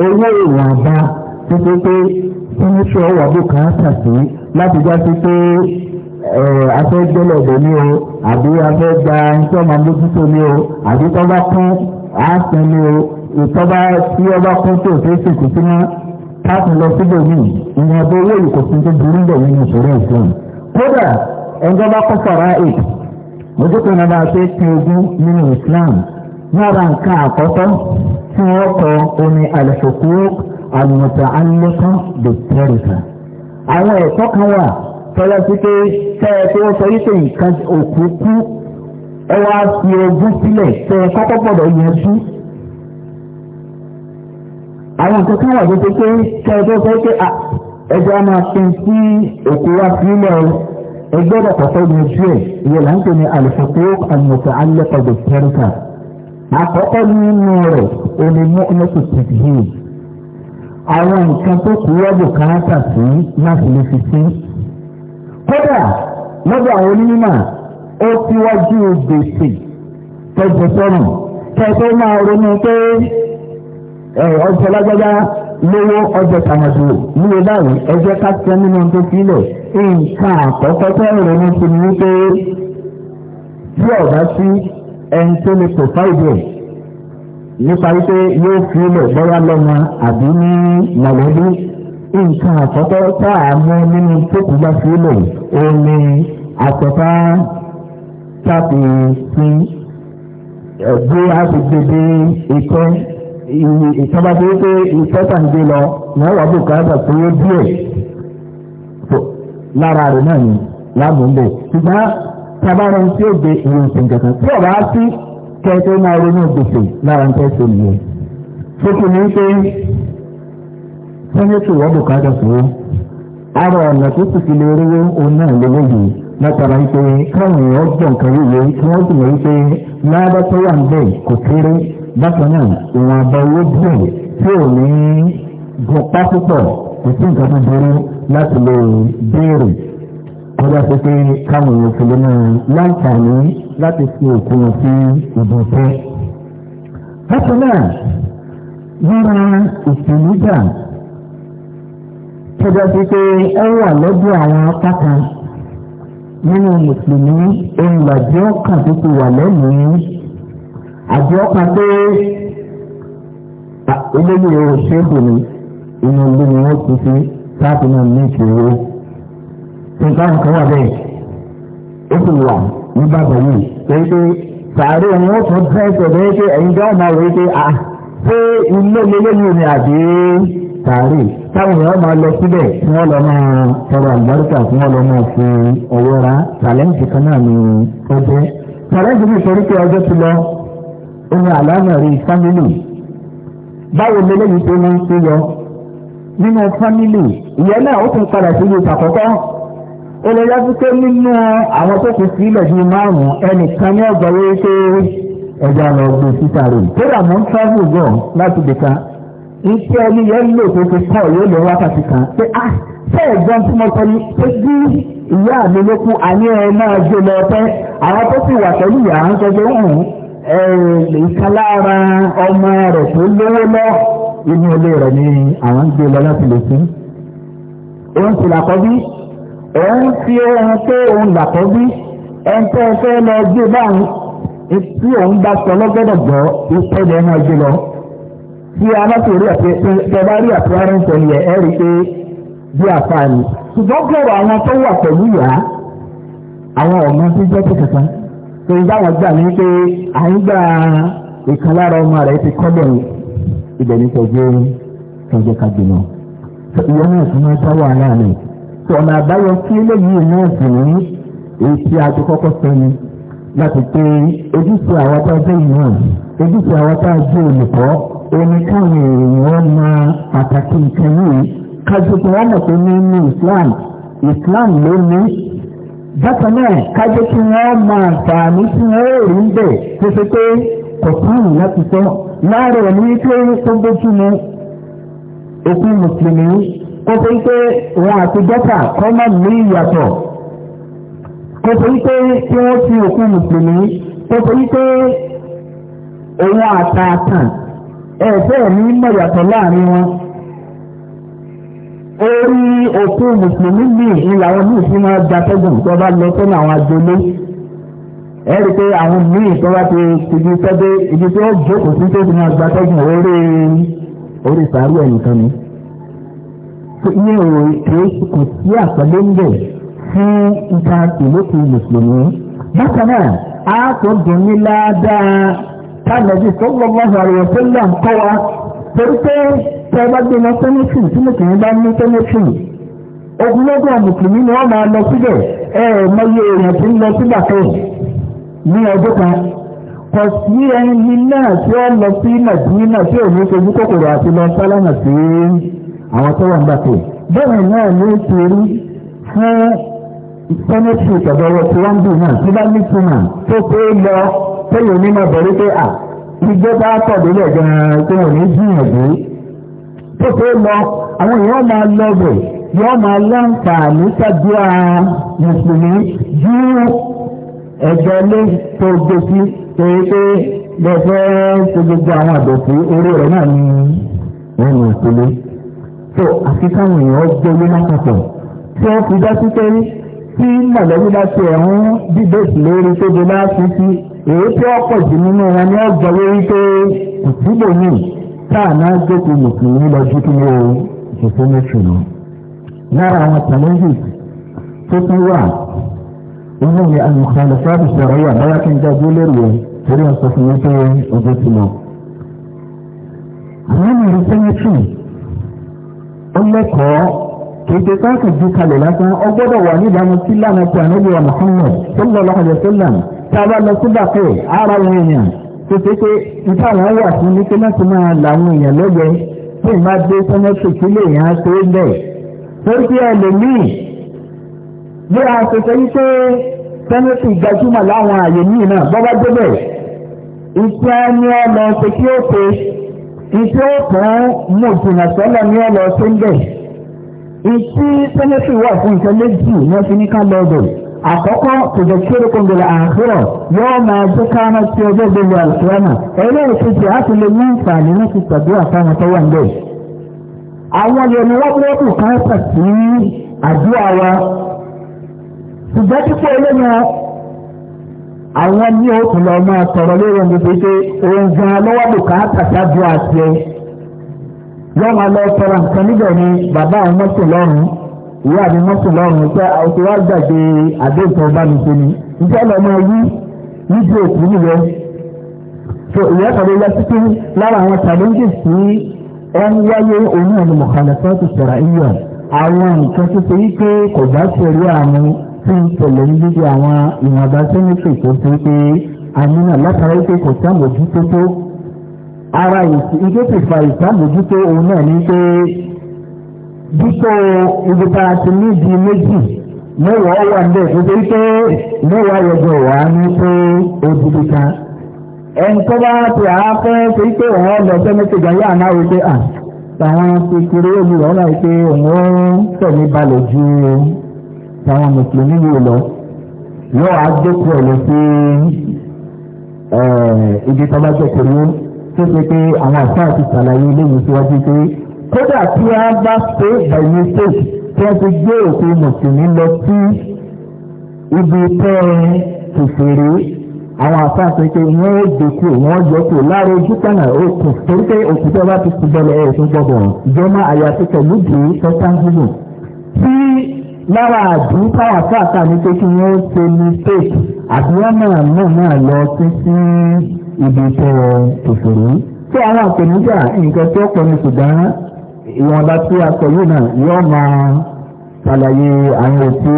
owó ìwọ̀nba títí pé fúnṣọ wàbú kan ṣàṣì láti já sí pé afẹ́gbẹ́lẹ̀dẹ̀ ni o àbí afẹ́gba iṣẹ́ máa mójútó ni o àbí tó bá kún àásìn ni o ìtọ́ba tí ó bá kún tó ṣe é sì kú sínú káàkiri lọ síbẹ̀ yìí ìyẹn bó owó ìkòsí tó burú bẹ̀ nínú ìṣòro ìṣòro kódà ẹ̀ńdọ́bá kọ́ fọ̀rọ̀ àìkú mojútó náà bá ṣe é ti ogún nínú Islam lára nǹkan àkọ́kọ́ tí wọ́n kọ omi àlùfòkú àlùmọ̀tà alẹ́kọ́ dòtẹ́rìkà àwọn ẹ̀kọ́ kan wà tọ́lá sí pé tẹ́ẹ̀ tí wọ́n sọ wípé nǹkan òkú kú ẹ wá fi ogún sílẹ̀ tẹ́ẹ̀ kọ́kọ́ gbọ́dọ̀ yanjú àwọn nǹkan kan wà tó ṣe pé tẹ́ẹ̀ tó sọ pé ẹjọ́ a máa pin sí òkú wá sílẹ̀ ẹgbẹ́ dàpọ̀ sọ́dún ojú ẹ̀ ìyẹn là ń pè ní àlùfòkú àlùmọ̀tà alẹ́kọ́ dòtẹ́rìkà àkọ́kọ́ nínú rẹ̀ o lè mú ọlọ́pù tẹ̀síhìn àwọn nǹkan tó kù rọ́bù kárátà sí láti lè fi sí. kódà lọ́dọ̀ àwọn onímọ̀ ó síwájú gbèsè tọ́jú sọ́nù kẹ́kẹ́ máa ronú pé ọjọ́ lágbájá lówó ọjọ́ tàmàdù nílé báyìí ẹjẹ́ káṣíọ́ nínú tó sílẹ̀ nǹkan àkọ́kọ́ tẹ́ ronú sí ni wípé tí ọ̀dá sí ẹni tó lè kò fáìdì nípa wípé yóò fi ilẹ̀ bọ́yá lọ́mọ àbí ní mọ̀lẹ́bí nǹkan àkọ́kọ́ tá a mú nínú tókù bá fi ilẹ̀ omi àtọ́fá tàbí sí ẹ̀gbẹ́ àgbègbè ìtọ́ ìtọ́ba tó pé ìtọ́ta ń gbé lọ wọ́n wà bùkátà tó yé díẹ̀ lára rẹ̀ náà ni láàbùn ṣùgbọ́n tabara ń tí ó gbé ìrìn òsìn kankan tí ọ̀rọ̀ á sí kẹ́kẹ́ máa ronú gbèsè lára ń tẹ́sẹ̀ nìyẹn. Fókù ní pé sẹ́yìn tó wọ́n bùkátà sówó. Ara ọ̀nà tó sì fi lè rówó òun náà lówó yìí látara wípé káwọn èèyàn gbọ̀n kan wíwé kí wọ́n sì mọ̀ wípé lábá tó wà níbẹ̀ kò kéré bákan náà ìwọ̀n àbá owó díẹ̀ tí ò ní gọpá púpọ̀ kò sí nǹkan tó burú láti lè béèrè wọ́n bá ṣe pé káwọn èèyàn fi lè máa láǹfààní láti fi òkú wọn sí ìbò tẹ́. bákan náà lára ìpèníjà tó bá ṣe pé ó wà lọ́dọ̀ àwọn apá kan nínú mùsùlùmí olùlàjẹ́ ọkàn tó ti wà lẹ́mìí àjọ ọkàn pé eléyìí ò ṣe é kò ní inú ilé ni wọ́n ti fi káàkiri náà ní ìṣòro tòǹtàkùn kan wà bẹ́ẹ̀ ó sì wà ní bàbá yìí pé pé sàárè ni wọ́n tún dẹ́sẹ̀ bẹ́ẹ̀ pé ẹ̀yin dá ọ̀nà wẹ̀ pé à pé ilé lélẹ́yìn ni àbí sàárè táwọn èèyàn máa lọ síbẹ̀ tí wọ́n lọ máa tọrọ àlùbáríkà tí wọ́n lọ máa fi ọwọ́ ra tàlẹ́ǹtì kan náà ni ó jẹ́ tàlẹ́ǹtì ní ìsorí pé ọjọ́ ti lọ ó ní àlànà rí fámìlì báwo lélẹ́yìn tó máa ń ṣe lọ nínú fámìlì ìyẹn náà ó tún padà sí ibi ìtàkọ́kọ́ ó lè yá pípé nínú àwọn tó kù sílẹ̀ ju márùn-ún ẹnìkan ní ọgbà wí pé ẹja lọ gbé síta rè kódà mò ń travel gan láti dèka iṣẹ́ ẹni yẹn lò tó ti pọ̀ yóò lọ wákàtí kan pé ah ṣé ẹ̀gbọ́n tí mo sọ ni pé bí ìyá mi ló kú àní ẹ máa jó lọ pẹ́ àwọn tó sì wà pẹ̀lú ìyá ń sọ pé hùn ìkalára ọmọ rẹ̀ tó lówó lọ inú ilé rẹ̀ ni àwọn ń gbé lọ láti lè sí. ó ń òun fi ohun pé òun làtọ́ bí ẹni tẹ́ ẹ fẹ́ lọ gbé báyìí tí òun bá sọ lọ́gbọ́dọ̀ gbọ́ ìtẹ́lẹ̀ náà gbé lọ. tí alákòórí àti tẹ́lá rí àti arẹ́ǹtẹ̀ yẹ ẹ rí pé bí àfààní. ṣùgbọ́n gbọ́rọ̀ àwọn tó wà pẹ̀lú yá àwọn ọmọ tó jẹ́ kẹkẹta tó ń dáwọ̀ gbà ní pé à ń gba ìkan lára ọmọ rẹ̀ ti kọ́ lẹ́yìn ibẹ̀ ní tọ́jú tọ́jú ìyẹn náà tún máa ọ̀nà àbáyọ sí eléyìí náà sì ní èyí tí a ti kọ́kọ́ sọ ni láti pé ojúṣe àwọn tá a jẹ́ ìmọ̀ ojúṣe àwọn tá a jẹ́ olùkọ́ omi káwọn èèyàn máa pàtàkì nǹkan yìí kájú tí wọ́n mọ̀ pé ní ní Islam Islam ló ní bákan náà kájú tí wọ́n máa fààní tí wọ́n ò rí ń bẹ̀ tó ṣe pé kò sáàmù láti sọ láàárọ̀ ní pé tó bójú mu òkú mùsùlùmí kóso yìí pé wọn àti gọ́tà kọ́ má lè yàtọ̀ kóso yìí pé kí wọ́n fi òkú mùsùlùmí kóso yìí òun àtàtàn ẹ̀ẹ́dẹ́ ní mọ̀ yàtọ̀ láàrin wọn orí òkú mùsùlùmí bá lọ sọ́nà àwọn ẹ rí i pé àwọn míì tó ibi sọ́dé ibi tí jókòó sí tó fi máa orí ní òòrùn tí kò sí àpẹẹlẹ ń bẹ̀ fún nǹkan ìlókun mùsùlùmí. bákan náà a tó dùn ní ládàá tánàbí sallallahu alaihi wasallam ń kọ́ wa torí pé tẹ́ ẹ bá gbé lọ tẹ́lẹ̀sì tí mùsùlùmí bá ní tẹ́lẹ̀sì ogunlógún mùsùlùmí ni wọ́n máa lọ síbẹ̀ ẹ ẹ mọyé èèyàn tí ń lọ sígbà tó ní ọdún kan kò sí ẹni náà tí ó lọ sí Mẹdínà tí òun ṣojú kòkòrò àti lọ sálámà sí àwọn tó wà ń bàtò bẹ́ẹ̀ náà ló ti rí fún sẹ́nẹ́tì ìtọ̀dọ̀wọ̀ tí wọ́n ń bì náà tí bá ní túmọ̀ tó pé lọ tẹ́lẹ̀ onímọ̀ bẹ̀rẹ̀ pé à ìjọba tọ̀dọ̀lẹ̀ gan-an tó wọ́n ní gbìyànjú tó pé lọ àwọn èèyàn máa lọ bẹ̀ yọ́ máa láǹfààní tàbí à mùsùlùmí ju ẹ̀jọ̀ lé tó gbèsè pé pé lọ́fẹ́ tó gbogbo àwọn àdọ̀tí orí rẹ̀ náà ní ẹ̀yìn ìpínlẹ̀ tó àfi káwọn èèyàn gbé owó lápapọ̀ tí wọ́n fi dá sí pé tí mọ̀lẹ́bí bá ti ẹ̀hún dìbòtì lórí tó de bá fi sí èyí tí wọ́n pọ̀ jù nínú wọn ni wọ́n gbọ́ lórí pé kò síbò ní táà náà gbèsè mùsùlùmí lọ ju kí ni o ìṣòfò mẹ́sùn lọ. lára àwọn challenges tó tún wà inú mi àlùkàlù fáàbù sọ̀rọ̀ yà báyà kí n jáde lórí ẹ̀ torí ọ̀sọ̀ fún mi pé ojú ti lọ. àwọn ènìyàn sẹ́yìn tún ọlẹ́kọ̀ọ́ kéde káàkiri ju kalẹ̀ lásán ó gbọ́dọ̀ wà níbàámu sí lánà tí ànábì wa Muhammad sallallahu alayhi wa sallam tá a bá lọ sí bàtẹ́ ara wọn èèyàn tó ṣe pé nípa àwọn wà fún ní pé láti máa làwọn èèyàn lọ́gbẹ́ tó ń dé sọ́mọ́tò kí lè yàn á tó ń bẹ̀. torí pé ẹlòmíì bí a ṣe sọ yí pé sẹ́mẹ́tì gbajúmọ̀ láwọn àyè míì náà bọ́ débẹ̀ ìtí ẹni ọmọ ṣe ó ṣe iṣẹ́ kan mo jìnnà sọ́lá ní ọ̀lọ́ tó ń bẹ̀. Ìtí sẹ́nẹ́tì wà fún nǹkan méjì ní ọ̀sìn ní ká lọ bẹ̀. Àkọ́kọ́ tòjọ kéré kòndòlà àkúrọ̀ yóò máa jẹ́ ká máa ti ọjọ́ ìgbélé àlùfáàmà. Ẹlẹ́ẹ̀kejì á ti lè ní ìfàní láti tàdúrà fáwọn tó wà ń bẹ̀. Àwọn yẹnu wọ́pọ̀lọpọ̀ kan pàtí àdúrà wa. Ṣùgbọ́n pípọ̀ olóyún àwọn ní òkun lọ máa sọ̀rọ̀ lórí ẹni pé pé òun gan lọ́wọ́ bùkátà ṣáájú àti ẹ wọ́n máa lọ sọ̀rọ̀ nǹkan níbẹ̀ ni bàbá àwọn mọ́tò lọ́rùn ìyá àbí mọ́tò lọ́rùn pé òkè wá gbàgbé àdéhùn ọba mi ṣe ni iṣẹ́ lọ máa yí níbi òkú nìyẹn so ìyá kan ló lọ sí pé lára àwọn challenges tí wọ́n wáyé òun ẹni mọ̀kànlá fẹ́ẹ́ ti sọ̀rọ̀ ìyọ̀ àwọn nǹkan tó ṣe wípé kò bá ṣe rí àwọn tí ń tẹ̀lé ní gbígbé àwọn ìwọ̀nba sẹ́mítì tó fi pé àmì náà látara pé kò sáàmójútó tó ara ìgbé ti fa ìsáàmójútó òun náà ní pé dípò ibi tá a ti ní di méjì mẹ́wàá wà ń bẹ̀ tó fi pé mẹ́wàá yọjọ́ wà ní pé odidi kan ẹnìkan bá ti àáfẹ́ tó fi pé òun ọ̀dọ̀ sẹ́mítì gan yà náà wípé à tàwọn kékeré olùrọ̀ náà wípé òun ó tẹ̀lé balẹ̀ ju táwọn mùsùlùmí yìí lọ yóò á jókòó ẹ̀ lọ sí ibi tó bá jẹ́ pẹ̀lú tó ṣe pé àwọn àṣà ti ṣàlàyé léyìn síwájú pé kódà tí a bá ṣe by mistake tí wọ́n ti gbé òkú mùsùlùmí lọ sí ibi tẹ́ tòṣèré àwọn àṣà ṣe pé wọ́n ó jókòó wọ́n jókòó láàárọ̀ ojú kan òkú torí pé òkú tó bá ti ṣubọ́lẹ̀ ẹ̀ tó gbọ́dọ̀ jọ́mọ́ àyàfi pẹ̀lú bìí tó tán gbùgbùn lára àdú táwà káàkà ní pé kí wọ́n ṣe mistake àti wọ́n náà náà náà lọ sí sí ibi tẹ òṣèlú. tí àwọn àpèníjà nǹkan tí ó pọ̀ ní ṣùgbọ́n ìwọ̀nba tí a sọ yìí náà yóò máa ṣàlàyé àwọn ètò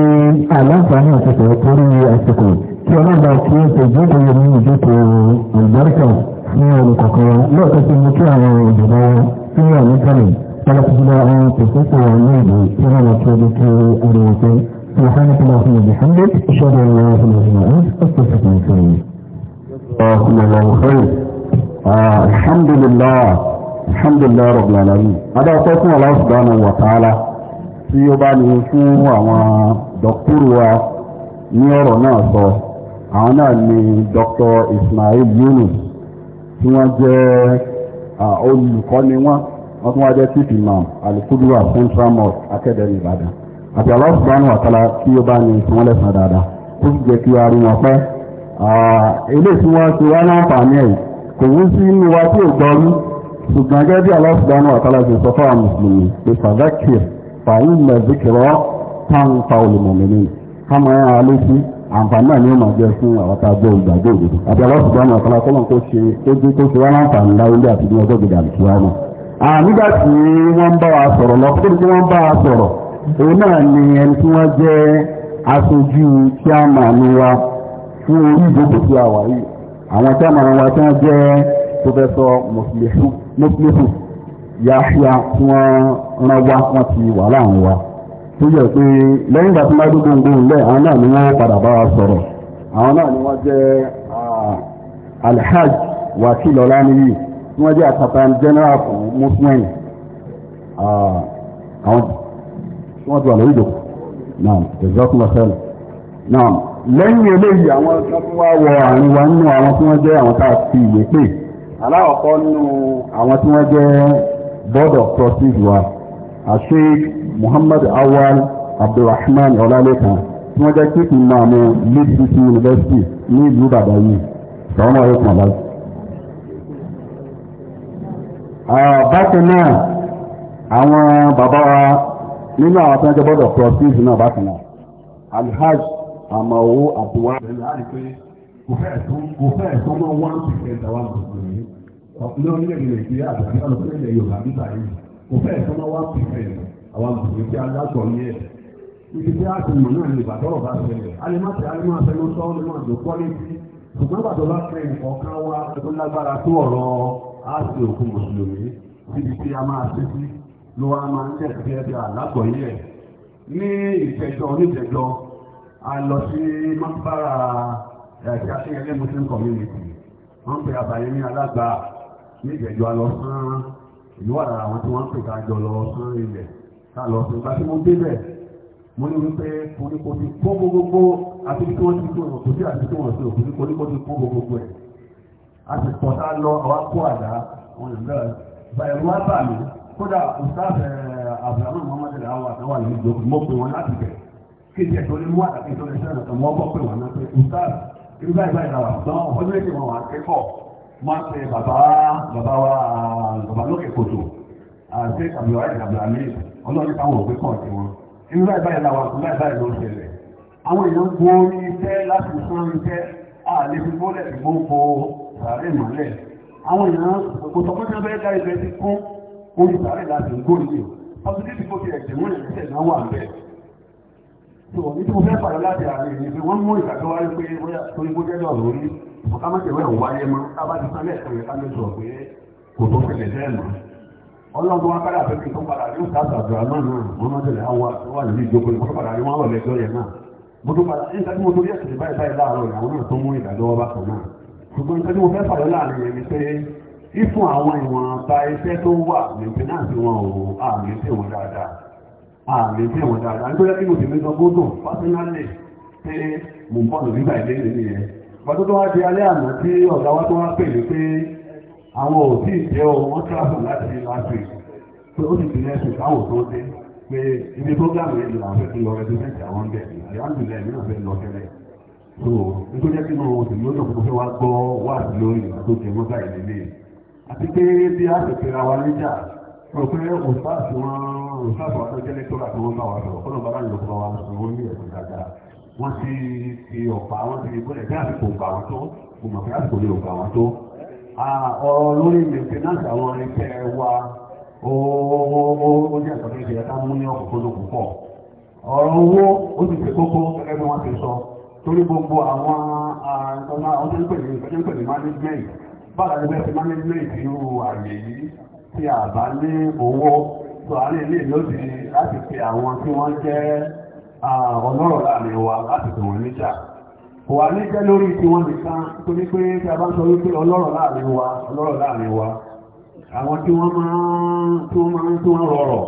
aláǹfààní àtẹ̀tẹ̀ torí àsìkò tí ọlọ́ba kí ó ṣe ìjókòó ní ìjókòó ìgbárùkọ̀ fún ẹnì kọ̀ọ̀kan lọ́ọ̀kan tí mo kí àwọn òjò lọ́wọ́ sínú àmì kánì. ولقد أنفسك وعيادي كما نتوبك أريكم سبحانك اللهم وبحمدك أشهد أن لا إله إلا أنت أستغفرك الكريم جزاكم الله خير الحمد لله الحمد لله رب العالمين هذا أعطيكم الله سبحانه وتعالى tí ó bá ní fún àwọn dọ́kítọ́rù أنا ní ọ̀rọ̀ náà sọ àwọn náà ni Dr wọ́n tún wá jẹ́ chief imam alikuduwa central mosque akẹ́dẹ̀rẹ́ ìbàdàn àti Allah subhanahu wa ta'ala kí ó bá ní ìsanwó lẹ́sàn dáadáa tó sì jẹ́ kí a rí wọn pẹ́. ilé tí wọ́n ti wá láǹfààní ẹ̀ kò wú sí inú wa tí ò gbọ́ ṣùgbọ́n gẹ́gẹ́ bí Allah subhanahu ti sọ fún mùsùlùmí pé fàdákìr fàyín mẹ́zìkìrọ́ táǹfà olùmọ̀mìnì kámọ́ ẹ̀ alẹ́sí àǹfààní náà ni ó máa jẹ́ fún àwọn tá a jẹ́ olùgbàgbọ́ òdodo àti Allah subhanahu wa ta'ala nígbà tí wọ́n bá wa sọ̀rọ̀ lọ́pọ̀ tí wọ́n bá wa sọ̀rọ̀ òun náà ni ẹni tí wọ́n jẹ́ aṣojú chairman wa fún orí ìdókòó tí a wà yìí àwọn wa tí wọ́n jẹ́ professor moslefu yahya tí wọ́n rán wá wọ́n ti wà láàrin wa tó yẹ tí wọ́n wa sọ̀rọ̀ àwọn náà ni wọ́n jẹ́ ah, alhaj tí wọ́n jẹ́ àtàtàn general fún muslim àwọn uh, tí wọ́n ti wà lórí ìjòkó náà ìjọkùnlọ sẹ́lẹ̀ náà lẹ́yìn eléyìí àwọn tó wá wọ àárín wa nínú àwọn tí wọ́n jẹ́ àwọn tá a fi ìwé pè aláwọ̀kọ́ nínú àwọn tí wọ́n jẹ́ board of trustees wa asheik muhammad awal abdulrahman ọlálẹ́kan tí wọ́n jẹ́ kíkì máa mú lead city university ní ìlú bàbá yìí sọ́mọ́ ẹ̀kọ́ báyìí. Ah, bákan náà àwọn bàbá wa nínú àwọn tẹ́jọ́ bọ́dọ̀ prostitute náà bákan náà alhaj amawo àbúwá. kò fẹ́ẹ̀ tó mọ́ one percent àwọn mùsùlùmí lórílẹ̀-èdè nàìjíríà àti ọ̀sẹ̀lẹ̀ yorùbá nígbà yìí kò fẹ́ẹ̀ tó mọ́ one percent àwọn mùsùlùmí tí a lásọ̀ ní ẹ̀ ibi tí a ti mọ̀ náà ní ìbàdọ́rọ̀ bá ṣẹlẹ̀ alimọ́tì alimọ́tì ló sọ ọ́ ló máa dùn kọ́lé sí ṣùgbọ́n bàtọ́ bá fẹ́ nǹkan ká wá tó lágbára tó ọ̀rọ̀ á sí òkú mùsùlùmí síbi tí a máa sí sí ló wá máa ń tẹ̀sí ẹ̀dá àlágbọ̀yé ẹ̀ ní ìjẹjọ oníjẹjọ a lọ sí mọ́bára ẹ̀kí akéyẹlé muslim community wọ́n pe àbáyé ní alágbà ní ìjẹjọ a lọ sán ìlú wà lára àwọn tí wọ́n pè kájọ lọ sán ilẹ̀ ká lọ sí ìgbà tí mo débẹ̀ mo ní wípé koríko ti kó gbogbogbò àti tí wọ́n ti kó òkú sí àti tí wọ́n ti òkú sí koríko ti kó gbogbogbò ẹ̀ a sì pọ̀ tá lọ àwọn kó àdá wọn yàn bẹ́ẹ̀ báyìí wọ́n bá mi kódà òṣìṣẹ́ àbúrámù eh, muhammad rẹ̀ àwọn àtàwọn àlejò ìjọba mọ́ pé wọn láti bẹ̀ kí ni ẹ̀tọ́ lè mú àtàkì tó lè sẹ́yìn ọ̀tọ̀ mọ́ bọ́ pé wọn náà pé òṣìṣẹ́ irú báyìí báyìí làwà ṣùgbọ́n ọdún méjì wọn wà kẹ́kọ̀ọ́ máa ń pe bàbá bàbá wa bàbá lókè kòtò àti àbúrò àìsàbùrà mi ọlọ́run táwọn òpin kàn sí wọn irú báyìí báyìí làwà ṣùgbọ́n báyìí ló ń ṣẹlẹ̀ àwọn èèyàn gbórí iṣẹ́ láti san iṣẹ́ ààlè fi mọ́lẹ̀ ìgbóǹkó sàárè mọ́lẹ̀ àwọn èèyàn kò sọ pé tí wọ́n fẹ́ dá ibẹ̀ ti kún orí sàárè láti ń gòlì pọ́sítì kò fi ẹ̀jẹ̀ múlẹ̀ lẹ́sẹ̀ náà wà bẹ́ẹ̀ tó ní tí mo fẹ́ pàdé láti ààrẹ ni pé wọ́n mú ìgbàgbọ́ wáyé pé bóyá torí bó jẹ́jọ́ lórí ọ̀kámọ́tẹ̀wé ọ̀hún wáyé mọ́ tábà ti sálẹ̀ ẹ̀kọ́ ká ló sọ pé kò tó fẹ̀lẹ̀ bẹ́ẹ̀ mọ́ ọlọ́gbọ́n akára fẹ́ kí n tó padà yóò sá àgbà náà náà wọ́n mọ́tẹ̀lẹ̀ àwọn wà nínú ìjókòó ìmọ́tò padà wọ́n wọ̀ lẹ́jọ́ yẹn náà mo tó padà nígbà tí mo torí ẹ̀sìn báyìí báyìí láàárọ̀ ìyàwó náà tó mú ìdájọ́ wá bákan náà ṣùgbọ́n nígbà tí mo fẹ́ fàyọ́ láàrin yẹn ni pé ìfún àwọn ìwọ̀n ba iṣẹ́ tó wà mẹ́tẹ́náàsì wọn ò àmì tí wọn dáadáa àmì tí wọn dáadáa nítorí kí mo sì mẹ́tọ́ gbọ́dọ̀ pásínálì pé mo ń bọ̀ lórí ìgbà ilé ìlú yẹn pàtó tó wá di alẹ́ àná tí ọ̀gá wa tó wá pè ní pé àwọn ò tí ì jẹ́ ọ wọ́n tíráfù láti láti ó sì ti lẹ́sùn pé ibi program yẹn lọ àwọn fẹ́ lọ rẹ́dímẹ́ntì àwọn ń bẹ̀ ìyáàlùlẹ̀ mi náà fẹ́ lọ tẹ́lẹ̀ so nítorí jẹ́ kí inú oṣù yóò dọ̀kú fẹ́ wá gbọ́ wà lórí tó jẹ mọ́ báyìí lélẹ̀ àti pé bí a sì pera wa níjà rò pé òṣùpáàsì wọn òṣùpáàsì wọn tó jẹ́ lẹ́tọ́rà tí wọ́n bá wa sọ̀rọ̀ kọ́nà bàbá ìlú kan wa sọ wọ́n ní ẹ̀sùn dáadáa wọ́n ti fi ọ̀pá wọ́n ti gbọ́dẹ̀ bí àsìkò gbà wọ́n tó kò mọ̀ pé àsìkò lè gbà wọ́n tó ọ̀rọ̀ lórí mẹ̀tẹ́nàṣà wọn ẹgbẹ́ wa ó jẹ́ ìtọ́jú ìṣẹ̀lẹ̀ ká mú ní ọkùnkúndùn púpọ̀ ọ̀rọ̀ owó ó sì ṣe kókó gẹ́gẹ́ bí wọ́n ti sọ torí gbogbo àwọn àtọ́nà ọdún pẹ̀lú ìtọ́jú pẹ̀lú management bára ẹgbẹ́ ti management irú àyè yìí tí a bá ní owó tó a lè lè lòdì láti pe àwọn tí wọ́n jẹ́ ọlọ́rọ̀ láàrin wa láti pè wọ́n níjà kò wá ní jẹ́ lórí tí wọ́n nìkan torí pé tí a bá ń sọ wípé ọlọ́rọ̀ láàrin wa ọlọ́rọ̀ àwọn tí wọ́n máa ń tí wọ́n máa ń tí wọ́n rọrọ̀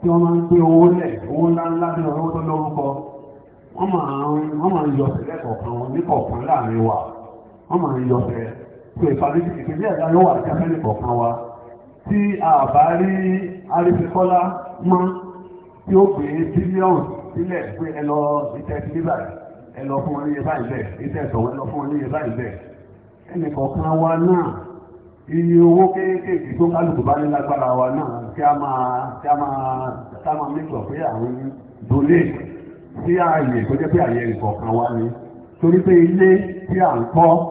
tí wọ́n máa ń pé owó lẹ̀ owó ńláńlá bí ọ̀rọ̀ tó lórúkọ wọ́n máa ń wọ́n máa ń yọ̀sẹ̀ lẹ́kọ̀ọ̀kan wọn níkọ̀ọ̀kan láàrin wa wọ́n máa ń yọ̀sẹ̀ pé ìfàlejò ìpínlẹ̀ ẹ̀dá yóò wà sí afẹ́lẹ̀ kọ̀ọ̀kan wa tí a bá rí arífikọ́lá mọ́ tí ó gbé bílíọ̀nù sílẹ̀ pé ẹ lọ iṣẹ́ ti níbà ẹ lọ fún oníyẹ báyìí bẹ́ẹ̀ iṣẹ́ ìtọ̀wọ́ ẹ lọ fún oníyẹ báyìí bẹ́ẹ̀ ẹnì kọ̀ọ̀kan wa náà iye owó kéékèèké tó kálukú bá ní lágbára wa náà kí a máa kí a máa kí a máa mẹ́tọ̀ pé àwọn sí ààyè tó jẹ́ pé ààyè ìkọ̀ọ̀kan wa ni torí pé ilé tí à kọ́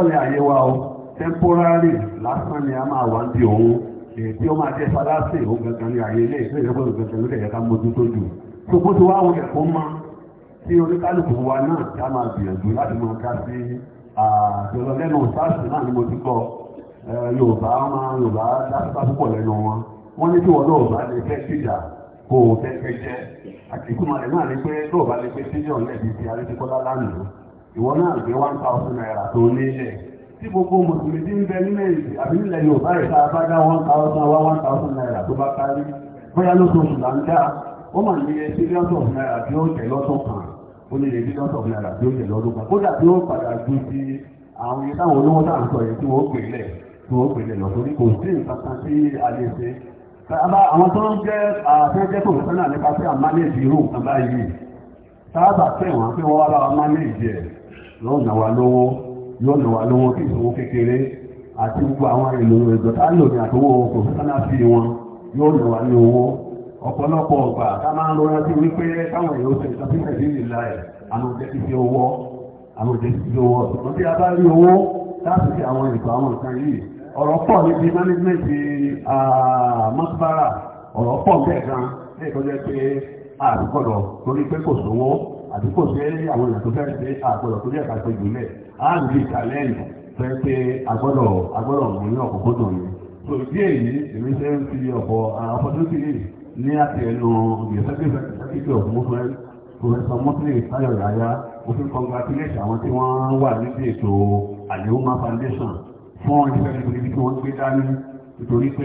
ààyè wa o temporary lásán ni a máa wà níbi òun tí ó máa jẹ́ fadásì òun gangan ní ààyè ilé ìpínlẹ̀ ìjọba gangan mójútó jù mọ́ oníkálukú wa náà kí àjọlọ lẹ́nu sáàsì náà ni mo ti kọ́ yorùbá máa yorùbá dáṣà púpọ̀ lẹ́nu wọn wọ́n ní kí wọ́n lọ́ọ̀bá lè fẹ́ síjà kó o tẹ́tẹ́ jẹ́ àtìkúmọ̀ rẹ̀ náà ni pé lọ́ọ̀bá lè fẹ́ síjà lẹ́bi ti arísíkọ́lá lánàá ìwọ náà gbé one thousand naira tó nílẹ̀ tí gbogbo mùsùlùmí ti ń bẹ nílẹ̀ èdè àbí nílẹ̀ yorùbá ìta bá dá one thousand wá one thousand naira tó bá kárí bóyá lóṣooṣù là ń dá ó mà ní ẹ sílíọ̀tọ̀ naira ó lè lè mílíọ̀nù ọ̀gbìn àrà tí ó tẹ̀lé ọdún kan kódà tí ó padà ju ti àwọn iye táwọn olówó náà ń sọ yẹn tí wọ́n pè lẹ̀ tí wọ́n pè lẹ̀ lọ torí kò sí nǹkan kan tí a ṣe. àwọn tó ń jẹ́ àfẹ́jẹ́ professional nípa pé à manage irú nǹkan báyìí sábà tẹ̀ wọ́n pé wọ́n wá bá wa manage ẹ̀ lọ́nà wa lówó lọ́nà wa lówó kí ìṣòwò kékeré àti gbogbo àwọn èlò ìgbọ̀tá lò ní àtọwọ́ professional fee wọn yóò lọ wá ní owó ọ̀pọ̀lọpọ̀ ọgbà ká máa ń lọ rántí wípé káwọn èèyàn ṣe ìtọ́jú nàìjíríà láì àwọn òjẹ́ ti fi owó àwọn òjẹ́ ti fi owó ṣùgbọ́n tí a bá rí owó láti fi àwọn ètò àwọn nǹkan yìí ọ̀rọ̀ pọ̀ níbi mánéjìmẹ̀ntì mọ́tìbára ọ̀rọ̀ pọ̀ bẹ́ẹ̀ gan lẹ́ẹ̀kọ́jẹ́ pé àgbọ̀dọ̀ torí pé kò sówó àti kò sí àwọn èèyàn tó fẹ́ ṣe àgbọ̀dọ̀ torí ẹ̀ka pé jùlẹ̀ á ní ìtàlẹ́yìn fẹ́ pé agbọ́dọ̀ agbọ́dọ̀ mú ní ọ̀kọ̀kọ́ tó ní. tòjú èyí èmi ṣe ń fi ọ̀pọ̀ àwọn ọ̀pọ̀ tó ti yìí ní àti ẹnu ìgbésẹ́gbèsẹ́gbèsẹ́ ọ̀gbọ́n professor mọ́tìlì táyọ̀ yáyá mo fi congratulate àwọn tí wọ́n wà níbi ètò àlèhùnmá foundation fún ìfẹ́ níbi tí wọ́n gbé dání nítorí pé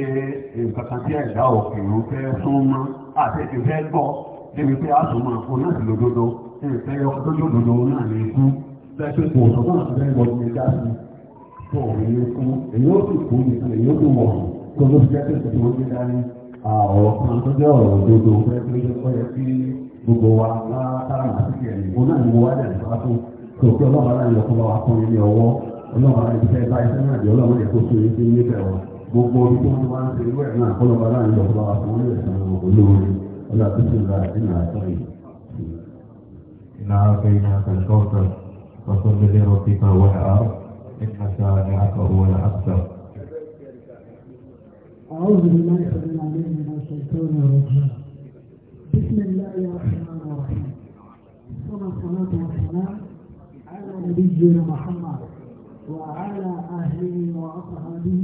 nǹkan tí ẹ̀dá òkè ló fẹ́ sún mọ́ àti ètò ìfẹ́ gbọ́ débi pé àsùnmọ́ àfún náà sì lódodo ìfẹ́ ọdún lódodo náà ní ikú bẹ́ẹ̀ pé kò sọ fún àfẹ́ lọ ní ẹja sí fún òun ní ikú èyí ó sì kú nìkan èyí ó sì wọ̀ tó ló fi jẹ́ pé kò tó gbé dání ọ̀rọ̀ kan tó jẹ́ ọ̀rọ̀ òdodo fẹ́ tó yẹ kọ́ yẹ náà ni mo wá dẹ̀ nípa tó tó kí ọlọ́run aláìlọ fún wa fún ilé ọwọ́ ọlọ́run aláìlọ fẹ́ bá iṣẹ́ náà di ọlọ́run yẹ kó tó yẹ kí ilé bẹ̀ wọ gbogbo orí tó ń bá ń ṣe irú ẹ̀ náà kọ́lọ́run aláìlọ fún wa fún ilé ẹ̀sán olóore ọlọ́run tó ti sọ أعوذ بالله من العالمين من الشيطان الرجيم بسم الله الرحمن الرحيم ثم الصلاة والسلام على نبينا محمد وعلى أهله وأصحابه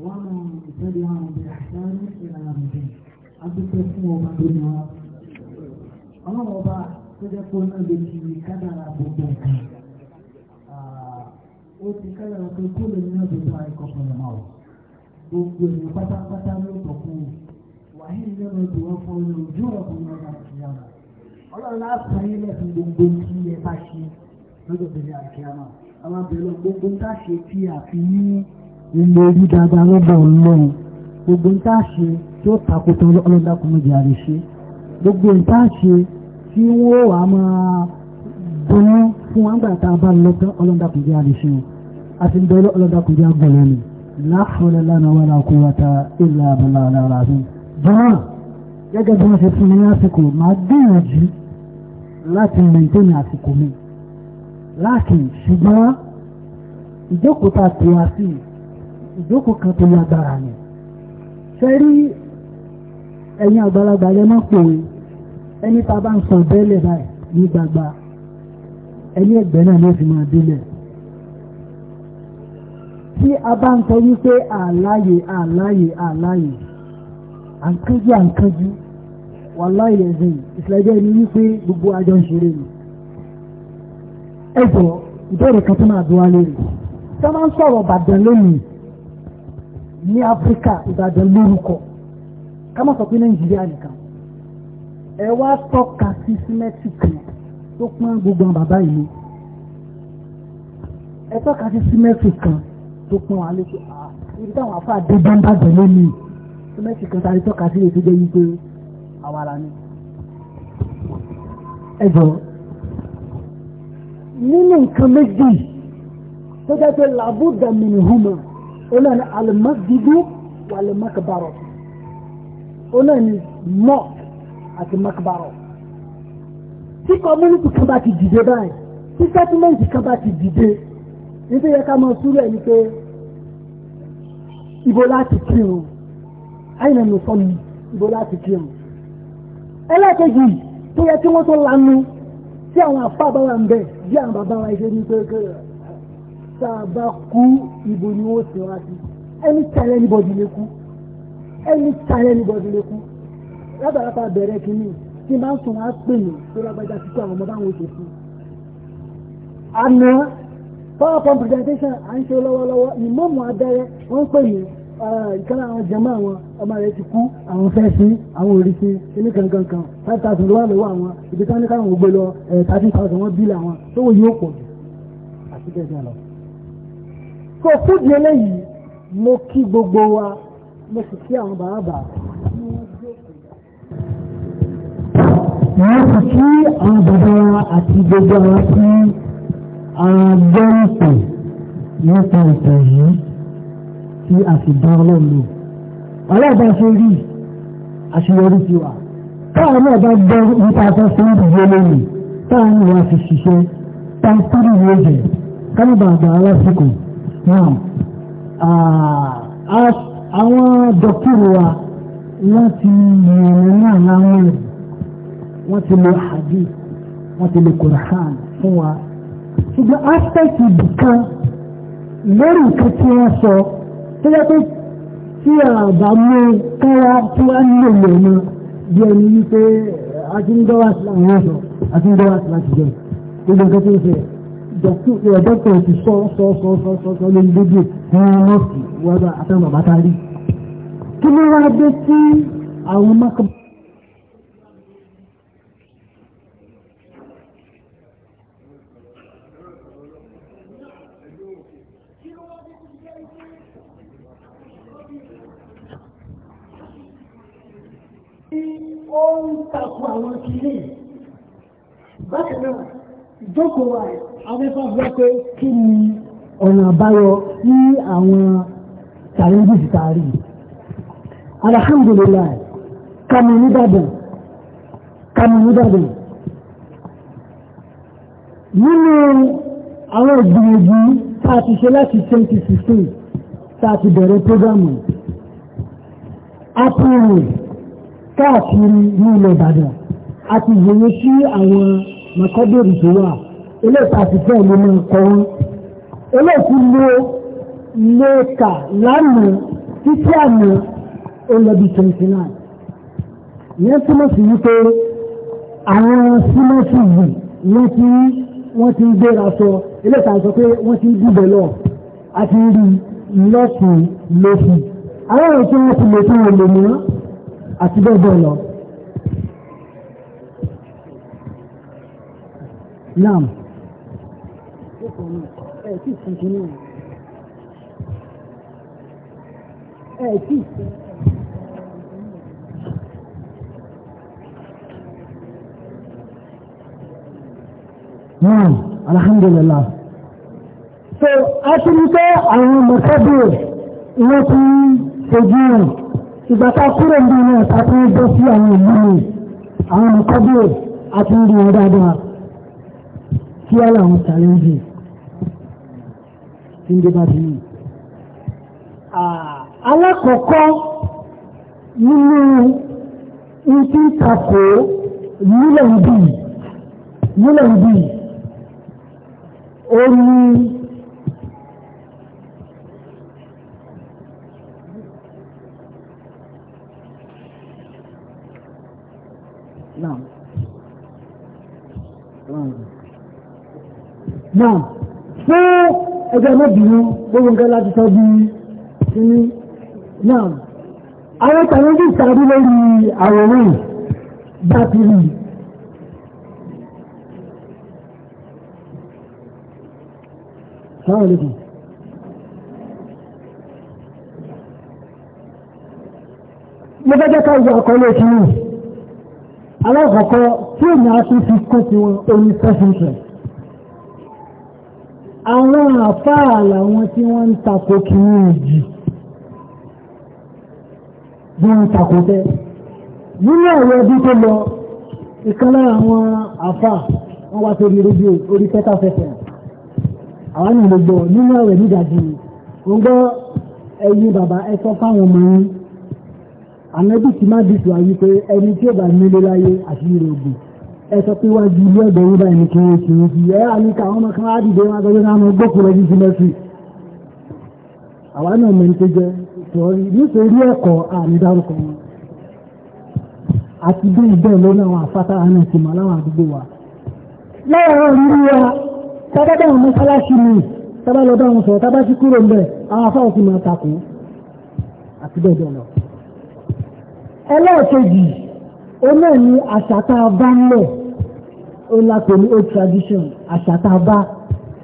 ومن تبعهم بإحسان إلى يوم الدين عبد التسليم أبتسم وبدنها أما وضع تجاكل بك كدر بوبك أوتي كدر كل الناس ضايق قبل الموت gbogbo èèyàn pátápátá ló tọ̀ fún un wàhíì lẹ́nu ètò wọn fún un ojú ọ̀gbìn náà bá ti yá ọlọ́run náà sọ yín lẹ́sìn gbogbo tí ẹ bá ṣe lọ́dọ̀ bẹ̀rẹ̀ àkíyàmọ́ àwọn abẹ́rẹ́ gbogbo ń táṣe tí a ní ilé orí dáadáa lọ́dọ̀ ọlọ́run gbogbo ń táṣe tí ó takotọ́ ọlọ́dàkùnrin jẹ́ àrèṣe gbogbo ń táṣe tí wọ́n wà máa dùn fún àgbàtà abá lọ́dọ̀ ọlọ́dàkùnrin jẹ́ àrèṣe àti ń bẹ̀rẹ̀ ọlọ́dàkùnrin jẹ́ àgbọ̀lọ́ni láfúrẹ́ lánàá wà láàkó wata ilẹ̀ abúlá alára mi jọ̀wọ́ gẹ́gẹ́ bí wọ́n ṣe fún mi ní àsìkò máa gbìyànjú láti mẹ́ntẹ́nì àsìkò mi láàkì ṣùgbọ́n ìjókòó tá a tó wá sí ìjókòó kan tó lágbára ni ṣe rí ẹ̀yin àgbàlagbà yẹn máa pè é ẹni tá a bá ń sọ gbagba ẹni ẹgbẹ́ náà ló fi máa délẹ̀ tí a bá ń sọ wípé àláyè àláyè àláyè àǹkájú àǹkájú wàláyè ẹ̀sìn ìsìlẹ̀jẹ́ ni wípé gbogbo àjọ ń ṣeré ni ẹ̀jọ̀ ìbéèrè kan tó máa dùn wá lórí tó máa ń sọ̀rọ̀ Ìbàdàn lónìí ní Áfíríkà Ìbàdàn lórúkọ ká má sọ pé Nàìjíríà nìkan ẹ wá tọ́ka sí símẹ́tìkì tó pọ́n gbogbo àwọn bàbá yìí ẹ tọ́ka sí símẹ́tìkì kan tó pọ́n wa lókè ibi táwọn afá dé bámbá bẹ̀ lónìí tó mẹ́sì kan sáré tọ́ka sí ètò jẹ́ wípé àwàrà ni. ẹ jọ nínú nǹkan méjì tó jẹ́ pé làbúdà mìíràn hùmọ̀ ó náà ní alùmọ́gidú wà lè mọ́kàbárọ̀ ó náà ní mọ́ọ̀k àti mọ́kàbárọ̀ tí kọ́múnítì kan bá ti dìde báyìí tí sẹ́tímẹ́ǹtì kan bá ti dìde nítorí ẹ̀ka mọ́ sùúrù ẹ̀ ní pé ibo láti kírun àyìnà mi sọ mi ibo láti kírun ẹlẹ́kẹ̀jì tó yẹ kí wọ́n tó lanu tí àwọn àfa bá wà ń bẹ̀ bí àwọn bàbá wa ṣe ní kékeré tá a bá kú ibo ni wọ́n sì wá sí ẹni tààrẹ níbọ̀dì lè kú ẹni tààrẹ níbọ̀dì lè kú lábàlápà bẹ̀rẹ̀ kìíní tí máa ń sùn wá pè mí tó lágbájá títí àwọn ọmọ báwọn ò ṣe fún. àná powerpoint presentation à ń ṣe lọ́wọ́lọ́wọ́ ìmọ̀mù adẹ́rẹ́ wọ́n ń pè ní ìkànnì àwọn jẹ̀mọ́ àwọn ọmọ rẹ̀ ti kú àwọn fẹ́ sí àwọn òrìṣi ilé kankan kan five thousand ló wà lọ́wọ́ àwọn ibi táwọn káwọn ò gbé lọ thirty thousand wọ́n bílẹ̀ àwọn tó wò yóò pọ̀ jù àti kẹ̀kẹ́ lọ. so fún di eléyìí mo kí gbogbo wa mo sì kí àwọn bàbá wọ́n sì kí àwọn bàbá àti gbogbo àwọn tí agbẹ́ǹtò nípa ìtàn yìí tí a sì dá ọlọ́run lò ọlọ́ọ̀bá ṣe rí àṣeyọrí ti wà táwọn náà bá gbọ́ nípa tó fún ìdíje lónìí táwọn ìwà fi ṣiṣẹ́ táńtírì yóò jẹ kálíbà àgbà alásìkò náà ah, ah, àwọn dọ́kítà wa wọ́n ti yẹ̀rẹ̀ náà láwọn ẹ̀rù wọ́n ti lo hadith wọ́n ti lo kùrán fún wa ṣùgbọ́n aspect ibì kan lórí nǹkan tí wọ́n sọ tó yẹ pé tí àbá mú káwá tí wọ́n ń lò lò ní bí ẹni wípé akíndọ́wà àwọn sọ akíndọ́wà láti jẹ gbogbo nǹkan tí ó ṣe ìwà dọ́kítọ̀ ti sọ sọ sọ sọ sọ sọ lórí gbogbo àwọn nọ́ọ̀sì wọ́n bá àtàwọn bàbá tá a rí kí ló wá dé sí àwọn mọ́kànlá. ó ń takò àwọn kìíní bákan náà ìjókòó wa abẹ́fà fẹ́ pé kí ni ọ̀nà àbáyọ ní àwọn challenges tààrí alhamdulillah kàmù nìbàdàn kàmù nìbàdàn nínú àwọn ìgbìyànjú tá a ti ṣe láti 2016 tá a ti bẹ̀rẹ̀ prógámù apáàrùn káàkiri ní ilẹ̀ ìbàdàn àti ìwòye sí àwọn mọ̀kọ́bẹ̀rì tó wà eléyìí àti bẹ́ẹ̀ ló máa kọ́ wọn. eléyìí ló lè kà lánàá títí àná ó lọ bí twenty nine. ìyẹn túmọ̀ sí wípé àwọn símọ́sì yìí wọ́n ti wọ́n ti ń gbéra sọ eléyìí àti sọ pé wọ́n ti ń dìbẹ̀ lọ àti rí lọ́sùn lọ́sùn. àwọn èso wọn kò lè tún wọn lè mìíràn àti bẹ́ẹ̀ bẹ́ẹ̀ lọ. Nam. Ẹ tí Nam, alhamdulillah. So, a ti ní pé àwọn mọ̀tẹ́bù ìwọ́n ti ṣojú rẹ̀ ìgbà tá kúrò ń bí iná ẹ̀ka tó ń bọ́ sí àwọn ìlú mi àwọn nǹkan bí àti ń rí wọn dáadáa kí á làwọn challenge tí ń dé bá ti yìí. alákọ̀ọ́kọ́ nínú ń tí nílẹ̀ ń nílẹ̀ ń bì náà fún ẹgbẹ́ mẹ́bìnrin gbogbo nǹkan láti sọ bí kíní náà àwọn tàbí bí sàárì lórí àwòrán bá ti rí sáwọn lẹ́kùn mo fẹ́ jẹ́ ká ìwà àkọlé kìíní alákọ̀ọ́kọ́ tí èmi á tún fi kó tiwọn oní first interest àwọn àfáà làwọn tí wọ́n ń takò kí wọ́n jì bí wọ́n takò tẹ́ nínú ọ̀rọ̀ ẹbí tó lọ ìkan lára àwọn àfáà wọ́n wá sórí rédíò orí pẹ́tàfẹ́fẹ́ àwọn àmì gbogbo nínú ọ̀rọ̀ ẹbí dàjú wọ́n gbọ́ ẹyin bàbá ẹ sọ fáwọn ọmọ yín àmẹ́bí ti má dìtò àyíké ẹni tí ó bá nílé láyé àti ìrògùn ẹ sọ pé wájú ilé ẹgbẹ́ yìí báyìí ni kí wọ́n ṣe é sí ẹ wà ní ká àwọn ọmọ kan á dìde wọn àgbẹ̀wé náà mọ gbókù lọ sí mẹ́sì àwa náà mẹ́ntẹ́ jẹ́ sọ́ọ́rí nítorí ẹ̀kọ́ àmì dárúkọ wọn àti bí ìbẹ́ ló náà àfátà àánú ti mọ̀ láwọn àdúgbò wa. láwọn ìrírí wa tábàdà àwọn mọ́sálásí mi tábàlọ́dọ̀ àwọn sọ̀rọ̀ tábà sí kúrò ń bẹ̀ àwọn afáwọn ti máa takò àti bẹ́ẹ̀ bẹ́ẹ̀ lọ. ẹlẹ́ẹ̀kejì olóò ní àṣà tá a bá ńlẹ̀ ó lápò ní old tradition àṣà tá a bá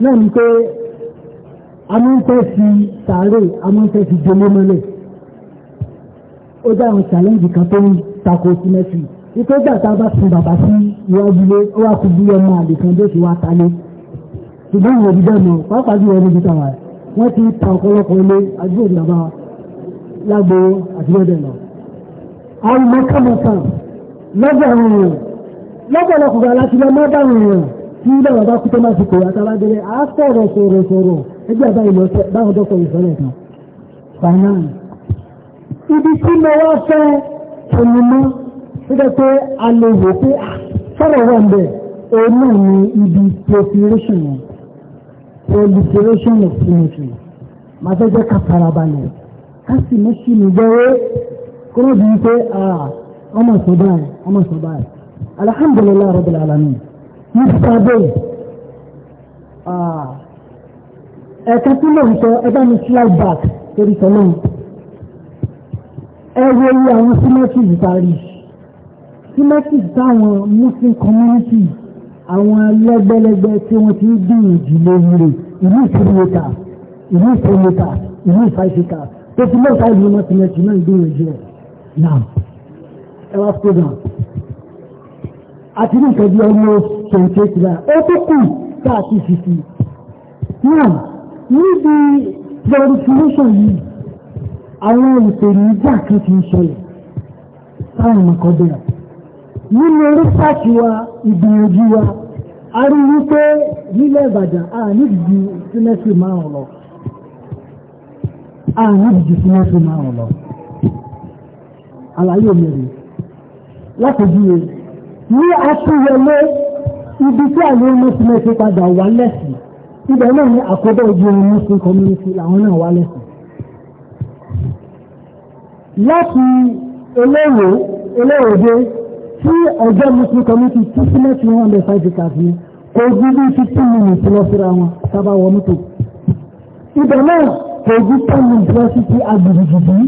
náà ni pé a máa ń fẹ́ fi sàárè a máa ń fẹ́ fi jolé mọ́lẹ̀ ó dá àwọn challenge kan tó ń tako symmetry ipò ìgbà tá a bá sun bàbá sí iwájú lé ó wá kúbi ọmọ àlè kan bí ó ti wá ta ṣùgbọ́n ìwé ìdíjọ́ mọ̀ pàápàá jùlọ ní ìdíjọ́ wa wọ́n ti ta ọ̀pọ̀lọpọ̀ ilé àdúgbò ìjọba lágbo àdúgbò dẹ̀ lọ. àwọn mọ́kànmọ́kàn lọ́gbà àwọn èèyàn lọ́pọ̀lọpọ̀ aláti lọ mọ́ bá èèyàn tí ilé wọn bá kú tó máa fi kò àtàrà délé á sọ̀rọ̀ sọ̀rọ̀ sọ̀rọ̀ ẹgbẹ́ àbá ìlú ọ̀sẹ̀ báwọn dọ́kọ̀ ìfẹ́lẹ̀ kan fanáà ibi tí mo wá fẹ́ òmìnir tó pé a lè wò pé sọ̀rọ̀ wà ń bẹ̀ òun náà ni ibi proliferation wọn proliferation of symmetry máa fẹ́ jẹ́ ká farabalẹ̀ ká sì mú sí mi gbẹ́rẹ́ kó má bí wípé ọmọ sọ̀báyì ọmọ sọ̀báyì alhamdulilayi rabbil alamin ní sábẹ́ ẹ̀ka tí mò ń sọ ẹgbẹ́ mi slide back torí sọ́nà ẹ wo iye àwọn symmetries parí symmetries táwọn muslim community àwọn lẹ́gbẹ́lẹ́gbẹ́ tí wọ́n ti ń gbìyànjú lórí rẹ̀ ìlú ìfúnmẹ́ta ìlú ìfúnmẹ́ta ìlú ìfàṣẹ́ta tó ti mẹ́ta ìlú mọ́tìmẹ́tì náà ń gbìyànjú rẹ̀ náà ẹwà program àti ní ìtọ́jú ọmọ ṣèǹṣe ìlà ó tó kù káàkiri fífi náà níbi revolution yìí àwọn ìpèníjà kan ti ń ṣẹlẹ̀ táwọn ọmọkọ bẹ̀rẹ̀ nínú rísàkì wa ìgbìyànjú wa a rí wípé nílẹ̀ Ìbàdàn a nídìí sílẹ̀sì márùn lọ a nídìí sílẹ̀sì márùn lọ àlàyé mi rèé látòjúwe ní atúwọlé ibi tí àwọn muslim ti padà wà lẹ́sìn ibẹ̀ náà ní àkọ́bọ̀ ojú omi muslim community làwọn náà wà lẹ́sìn. láti eléwò eléwòde tí ọjọ́ muslim community two hundred and one hundred five acres ní kò ju bí fifteen minutes lọ síra wọn sábà wọ mọ́tò. ibẹ̀ náà kò ju ten minutes lọ sí ti agbègbè jìbì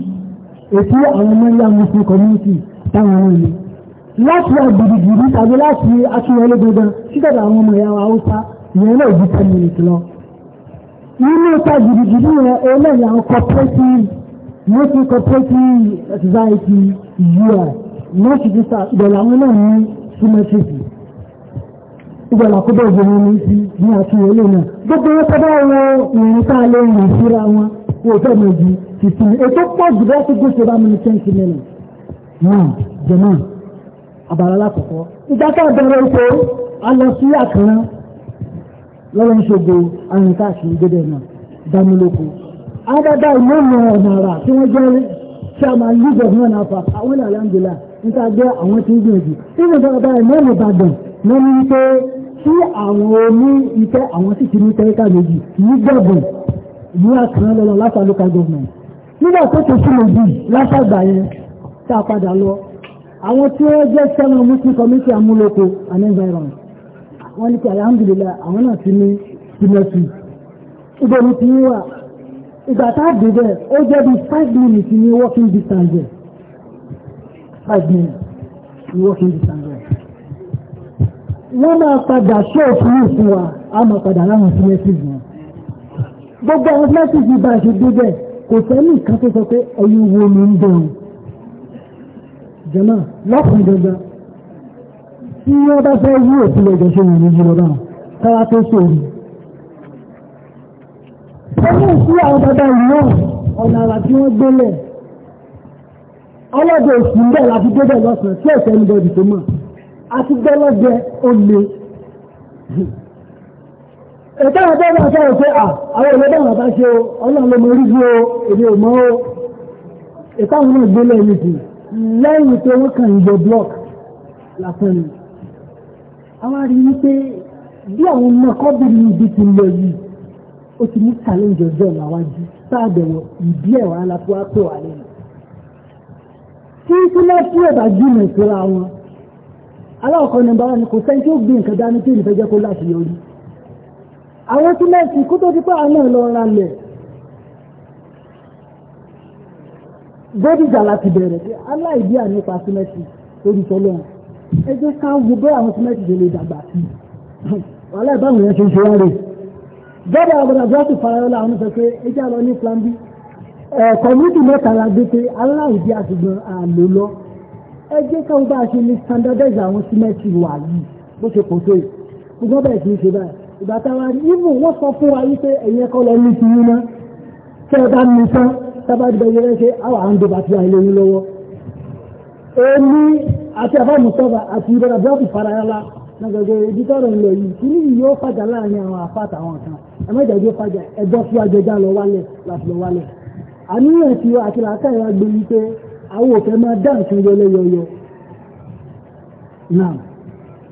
ètí àwọn ọmọ ìyá muslim community táwọn náà ní láti àgbègbè tàbí láti akínyẹlé gbogbo sídàdà àwọn ọmọ ìyàwó haúsá ìyẹn náà ju ten minutes lọ. nínú ìta gidigidi yẹn eléyìí àwọn cooperative multi cooperative society us north east ìbẹ̀rẹ̀ àwọn náà ní symmetry ìgbàlá kó bẹ́ẹ̀ jẹ́ wọn sí ní àkínyẹlé náà gbogbo wọn tọ́ bá wọ ìrìn tá a lè rìn síra wọn wọ́n fẹ́ mọ̀ ju fifteen ètò pọ̀ jù bẹ́ẹ̀ tó gbèsè bá mi ní twenty minutes. náà jẹ náà abala lákọ̀ọ́kọ́ ìdáká bẹ̀rẹ̀ ipò alọ sí àkàrà lọ́wọ́ ìṣògo àyíká àti ìgbẹ́dẹ̀ náà dámúlòkó adáda ìmọ̀nà ọ̀nà àrà tí wọ́n jẹ́ tí a máa lúgbọ̀ ní ọ̀nà àfà àwọn ilẹ̀ aláǹdìlà níta jẹ́ àwọn tí ń gbìyànjú nínú ìdáradá ìmọ̀nà ìbàdàn lọ ní wípé tí àwọn oní ìtẹ́ àwọn sì ti ní tẹ́ríkà méjì ní gbọ̀gbọ̀n ní àkàrà lọ́lọ́ láfà local government nígbà tó tó súnmọ́ bíi láfàgbà yẹn tá a padà lọ àwọn tí ó jẹ́ sẹ́nu muslim community amúlòkó and environment wọ́n ní kí alhamdulillah àwọn náà ti ní tìmọ̀tì ìbẹ̀rù ti ń wà ìgbà tá a dé bẹ́ẹ̀ ó jẹ́ bí five minutes ní walking distance there five minutes ní walking distance there wọ́n máa padà ṣọ́ọ̀fù yìí fún wa a máa padà láwọn sílẹ̀tì wọn gbogbo àwọn sílẹ̀tì yìí bá a ṣe dé bẹ́ẹ̀ kò sẹ́ni kan tó sọ pé ẹ̀yin wo ni ń bẹ̀rù jẹ́mọ́ lọ́kùn dandan tí wọ́n bá fẹ́ yí òfin ẹ̀jẹ̀ ṣe wọ̀nyí jù lọ tó ṣe èyí. àwọn bàbá ìlú náà àwọn bẹ́ẹ̀ àwọn ìlú bẹ́ẹ̀ orí bí o, èdè ò mọ́ o. Ètò àwọn náà gbélẹ̀ yìí lẹ́yìn pé wọ́n kàn ń jẹ block lásán ni àwọn àrí wípé bí àwọn ọmọ kọ́bìnrin ibi ti lọ yìí ó ti mú challenge ọjọ́ ìlàwájú sáàbẹ̀wò ìdí ẹ̀ wà lápò àpò wà lẹ́nu tí túnlẹ́tì ẹ̀bà jùmọ̀ ìṣura wọn aláwọ̀kọ́ nọmba wọn ni kò sẹ́ni tí ó gbé nǹkan dání tí ènìyàn fẹ́ jẹ́ kó láṣeyọrí àwọn túnlẹ́tì kó tó ti pé àwọn náà lọ ra lẹ̀ gbẹ́dìjà láti bẹ̀rẹ̀ aláìdí ànípa símẹ́tì lórí tọ́lọ́ ẹ jẹ́ ká wo bẹ́ àwọn símẹ́tì tó lè dàgbà sí wàhálà ìbáwọn yẹn ṣe ń ṣe wá rè gbọ́dọ̀ àgbàdà gbọ́dọ̀ farayọ́lá àwọn sọ pé ẹ jẹ́ àlọ́ ní plan b kọ̀mítì mẹ́ta la gbé pé aláìdí àtìgbọ̀n àlò lọ ẹ jẹ́ ká wo bá a ṣe ní standardize àwọn símẹ́tì wà yìí bó ṣe kò tó yìí ṣùgbọ́n bẹ́ẹ̀ kì í ṣe báyìí ìgbà táwa ní ìmù wọ́n sọ fún wa yìí pé ẹ̀yin ẹ̀kọ́ lọ ní ti yín ná tẹ́ ẹ bá tábàdìbẹ̀ yẹn ṣe àwọn àwọn dọ̀bà tí a ilé yín lọ́wọ́ èmi àti àbá mùsọ́fà àti ìbẹ̀rẹ̀ bọ́ọ̀kì farayala nàgbẹ̀gbẹ̀ ibi tọ́rọ̀ ń lọ yìí kí ní yóò fàjà láàrin àwọn àfáàtà àwọn kan ẹ̀mẹ́jà yóò fàjà ẹ̀gbọ́ fún ajẹjá lọ wálẹ̀ láti lọ wálẹ̀ àníyàn tí àti làákàyè wa gbé wípé àwọn òfẹ́ máa dá nǹkan yọlé yọyọ náà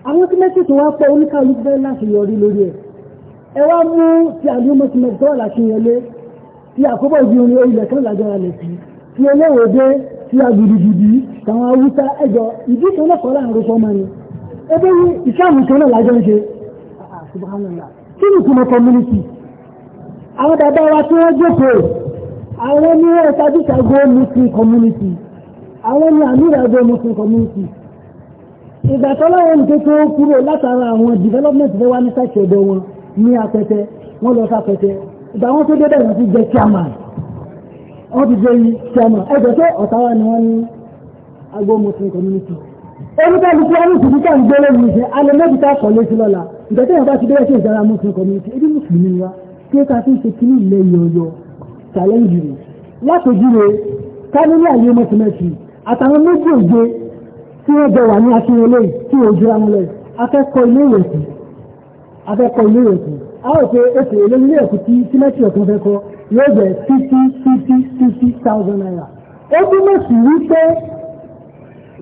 àwọn tí mẹ́tì tó wá pọ̀ oníkàlùkù bẹ́ẹ̀ láti yọrí lórí ẹ̀ ẹ wá mú ti àdúgbò tí mẹ́tì tó wà láti yẹlé tí àkóbọ̀ ìdí orin ilẹ̀ kan lágbára lẹ̀ sí tí eléwò dé tí a gidigidi tàwọn awúta ẹjọ ìdí kan náà kọ́ra àrùn fọmọ ni ebe ní ìsáàmù kan náà lájọ ń ṣe kí ni ìtumọ̀ community àwọn bàbá wa tí wọ́n jókòó àwọn ní wọ́n ṣáájú ṣàgó muslim community àwọn ní àmì ìràgó muslim community ìgbà tó láwọn ní tó kúrò látara àwọn development fẹ́ wá ní sàṣẹ̀dọ̀ wọn ní apẹtẹ wọ́n lọ sápẹtẹ ìgbà wọn tó dédé wọn ti jẹ chairman wọn ti jẹ chairman ẹgbẹ́ tó ọ̀tá wa ni wọ́n ní agbo muslim community olùkọ́lùkọ́ ọ̀rùn tìbí ká ń gbélé mi ṣe alẹ́ mẹ́bìtá kọ̀lé sí lọ́la ìgbà tó yẹn bá ti bẹ́ẹ̀ ṣe ìdára muslim community ebi mùsùlùmí wa kí ó ká fi ṣe kíní ilẹ̀ yọ̀yọ̀ challenge rẹ̀ látòjúre kánínú àyè mọ́tìmẹ́tì àtàwọn méjì òjé tí wọ́n jọ wà ní akínyẹlẹ́ tí òjò àwọn lọ akẹ́kọ̀ọ́ ilé ìwẹ̀sì afẹ́kọ̀ọ́ ilé ẹ̀kọ́ a ó ṣe ètò olóyún ilé ẹ̀kọ́ tí símẹ́tì ọ̀tún fẹ́ kọ́ yóò jẹ́ fifty fifty fifty thousand naira ó túmọ̀ sí wípé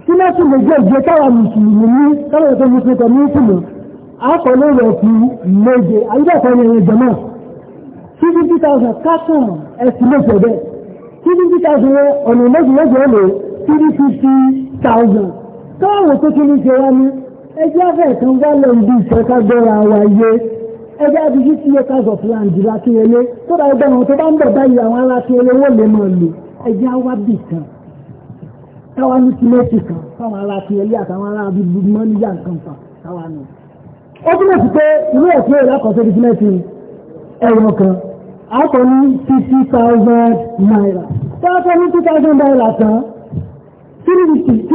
símẹ́tì gbogbo ìgbé táwọn mùsùlùmí táwọn ètò mùsùlùmí tẹ̀ ní ìfìmọ̀ akọ̀lé rẹ̀ fi méje àyíkẹ́kọ̀ọ́ ní ẹ̀rẹ̀ jẹ̀mọ́ fifty thousand kákan estimate bẹ́ẹ̀ fifty thousand ọ̀nà méjì méjì ọ̀nà fifty fifty thousand káwọn tó kí ní ṣe wá ní ẹjẹ́ àfẹ́sùn wà lóun bí ìṣẹ́kágbọ́ra wa yé ẹjẹ́ àbíjú tí yẹ káàzọ̀ fúlàǹdì lákínyẹlé tó bá ẹgbẹ́ wọn tó bá ń bọ̀ báyìí àwọn alákínyẹlé wọ́n lè mọ̀ lò ẹjẹ́ àwa bì kan táwa ní tìmẹ́tì kan táwọn alákínyẹlé àtàwọn alábí mọ́ níyà nǹkan fà táwa nù. ó túnbọ̀ sí pé ilé ẹ̀kọ́ ìlà kan tó di tìmẹ́tì ẹ̀rọ kan àkọ́ ní fifty thousand naira táwa tó ní two thousand naira tán three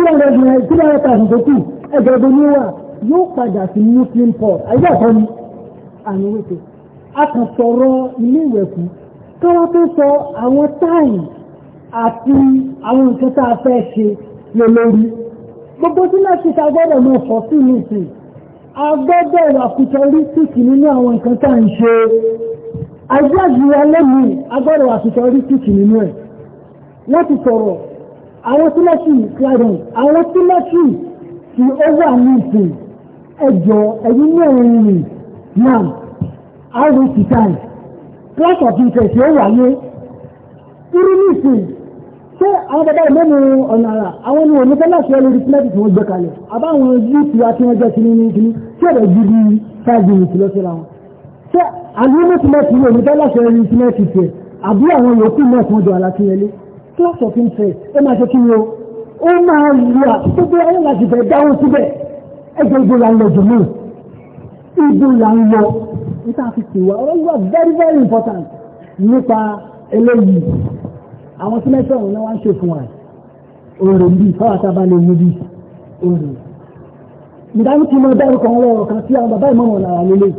hundred three hundred thousand tó kù ẹgbẹ̀rún ní wà yóò padà sí muslim port ayé ẹ̀kọ́ ni àmì wípé a kàn sọ̀rọ̀ ilé ìwẹ̀ fún káwá tó sọ àwọn táì àti àwọn nǹkan tá a fẹ́ ṣe lè lórí gbogbo tí náà ti ta gbọ́dọ̀ mọ̀ fọ́ sí mi sí a gbọ́dọ̀ wà futuristic nínú àwọn nǹkan tá à ń ṣe ayé àjùwà lẹ́mìí a gbọ́dọ̀ wà futuristic nínú ẹ̀ wọ́n ti sọ̀rọ̀ àwọn sílẹ̀ṣì cladon àwọn sílẹ̀ṣì tí ó wà ní ìsìn ẹjọ ẹ̀yìn mẹ́rin rìn náà rct time class of interest ó wà ní irú ní ìsìn ṣé àwọn bàbá ìmọ̀nù ọ̀nà àrà àwọn ènìyàn onífẹ́ láti ẹ lórí plẹ́tì tí wọ́n gbé kalẹ̀ àbáwọn yúùtù àti wọn jẹ́ kiri ní kiri tí ẹ̀rọ ju bí five minutes lọ síra wọn ṣé àwọn onífẹ́lẹ́tì wọn onífẹ́ láti ẹ lórí plẹ́tì tiẹ̀ àbí àwọn yòókù náà kan jọ àlàkínyẹlé class of interest ó máa ṣe kí ó máa lu àtúntò ayé láti fẹ́ dáwọ́ síbẹ̀ ẹgbẹ́ ibo la ń lọ jùlọ ibo la ń lọ níta fi pè wá ọ̀rọ̀ wíwá very very important nípa eléyìí àwọn sílẹ̀sọ̀ ọ̀hún náà wá ń ṣe fún wa òòrè bíi fáwọn àtàbálẹ̀ ẹ̀yìn bíi òòrè ìdáhùn tí mo dárú kan lọ́rọ̀ kan sí àwọn bàbá ìmọ̀ràn lára lélẹ̀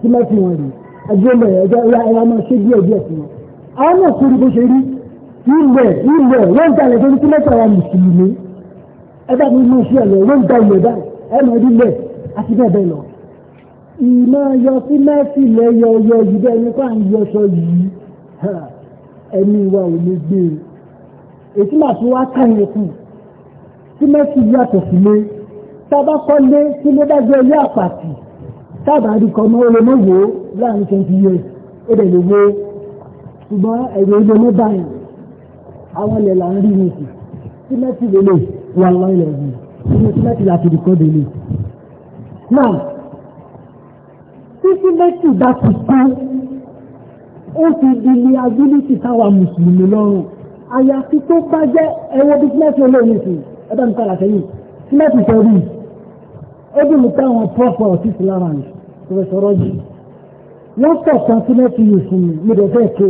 tí mẹ́fì wọn rè ẹjọ́ lẹ̀ ẹjọ́ ẹ̀yà ẹ̀yà máa ṣe díẹ̀ díẹ̀ fún wọn àwọn náà kúrú bó ṣe rí ilẹ̀ ilẹ̀ wọ́n dalẹ̀ tó ní kí mẹ́ta wa mùsùlùmí ẹgbẹ́ mi ní oṣù ẹ̀lẹ̀ wọ́n da ilẹ̀ báyìí ẹ̀mọ̀ ẹ̀dí ilẹ̀ àti bẹ́ẹ̀ bẹ́ẹ̀ lọ. ìmọ̀ yọ sí mẹ́sì lẹ yọ yọ yìí bẹ́ẹ̀ nípa ń yọṣọ yìí ẹni wa ò lè gbé e èsì máa fi wá ká yẹn kù sí mẹ́sì yàtọ̀ sí lé tábà kọ́lé sí lé dájọ́ ilé àpàtì tábà àdìkọ́ mọ́ olómọ́wò láàrin twenty years ó dẹ̀ lè wo ṣùgbọ́n ẹ̀rọ ilé ní báyìí àwọn ilẹ̀ là ń rí ní sí símẹ́tì lélẹ̀ wà lọ ilẹ̀ yìí nínú símẹ́tì láti dìkọ́ délé. náà tí símẹ́tì bá ti kú ó fi di ní agbílítì táwa mùsùlùmí lọ́rùn àyàfi tó bá jẹ́ ẹwọ́ bí símẹ́tì olóòní sí ẹgbẹ́ mi kára sẹ́yìn símẹ́tì sọ́rí ó dùn mí táwọn pọ́pọ̀ ọ̀tísì lára rẹ̀ pẹ̀lú sọ́rọ́ yìí wọ́n sọ̀kan símẹ́tì yìí fún mi mo dẹ̀ fẹ́ ṣe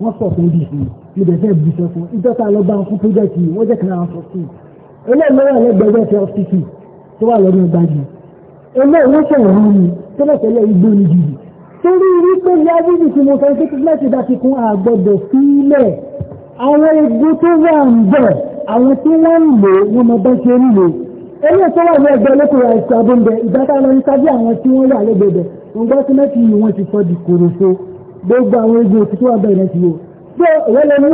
wọ́n sọ fún bí fún mi bẹ̀ fẹ́ bí sọ fún ìjọta lọ bá fún pírójẹ́tì wọ́n jẹ́ kan àwọn sọ́kù ẹlẹ́mẹ́rẹ́ lẹ́gbẹ̀ẹ́ fẹ́ ọ́fíìsì tó wà lọ́dún ìgbàjì ẹlẹ́rẹ́ sọ̀rọ̀ rán mi tẹ́lẹ̀tẹ́lẹ̀ igbó ni jìbì torí wípé yáwíìdì tí mo fẹ́ ṣe tí láti dá fikún àgbọ̀dọ̀ sílẹ̀ àwọn igbó tó wà ń bẹ̀ àwọn tí wọ́n ń lò wọn mọ bá ṣe ń lò ẹlẹ́ tó wà ní ẹgbẹ́ olókùnrin àìsàn abóńbẹ ìgbàtà lọ ń sábẹ́ àwọn tí wọ́n wà lẹ́gbẹ̀ẹ́ gbogbo àwọn egbò tí tó wà bẹ̀rẹ̀ ti wo pé ìwọ́lẹ̀ mú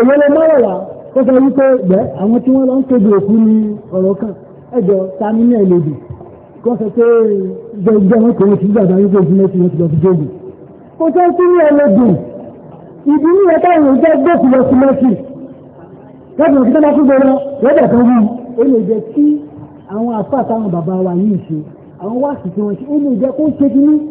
ìwọ́lẹ̀ mọ́rọ̀lá tó sọ wípé gbẹ́ àwọn tí wọ́n lọ ń kéde òkú ní ọ̀rọ̀ kan ẹjọ́ ta ní ní ẹ̀lòdì kan sọ pé gbẹgbẹ́ wọn kò ní ti gbàgbà wípé ojú mẹ́tì wọn ti lọ fi jóògùn kò sọ sí ní ẹlòdì ìdí ní ẹ̀ka ìrìn jẹ́ gbòkú lọ sí mẹ́tì lọ́dún òkú tó bá fún gbọ́dọ̀ lọ́dọ̀ kan wí ó lè jẹ́ kí àwọn àfáà táwọn bàbá wa yìí ṣe àwọn wáàsì tí wọ́n ṣe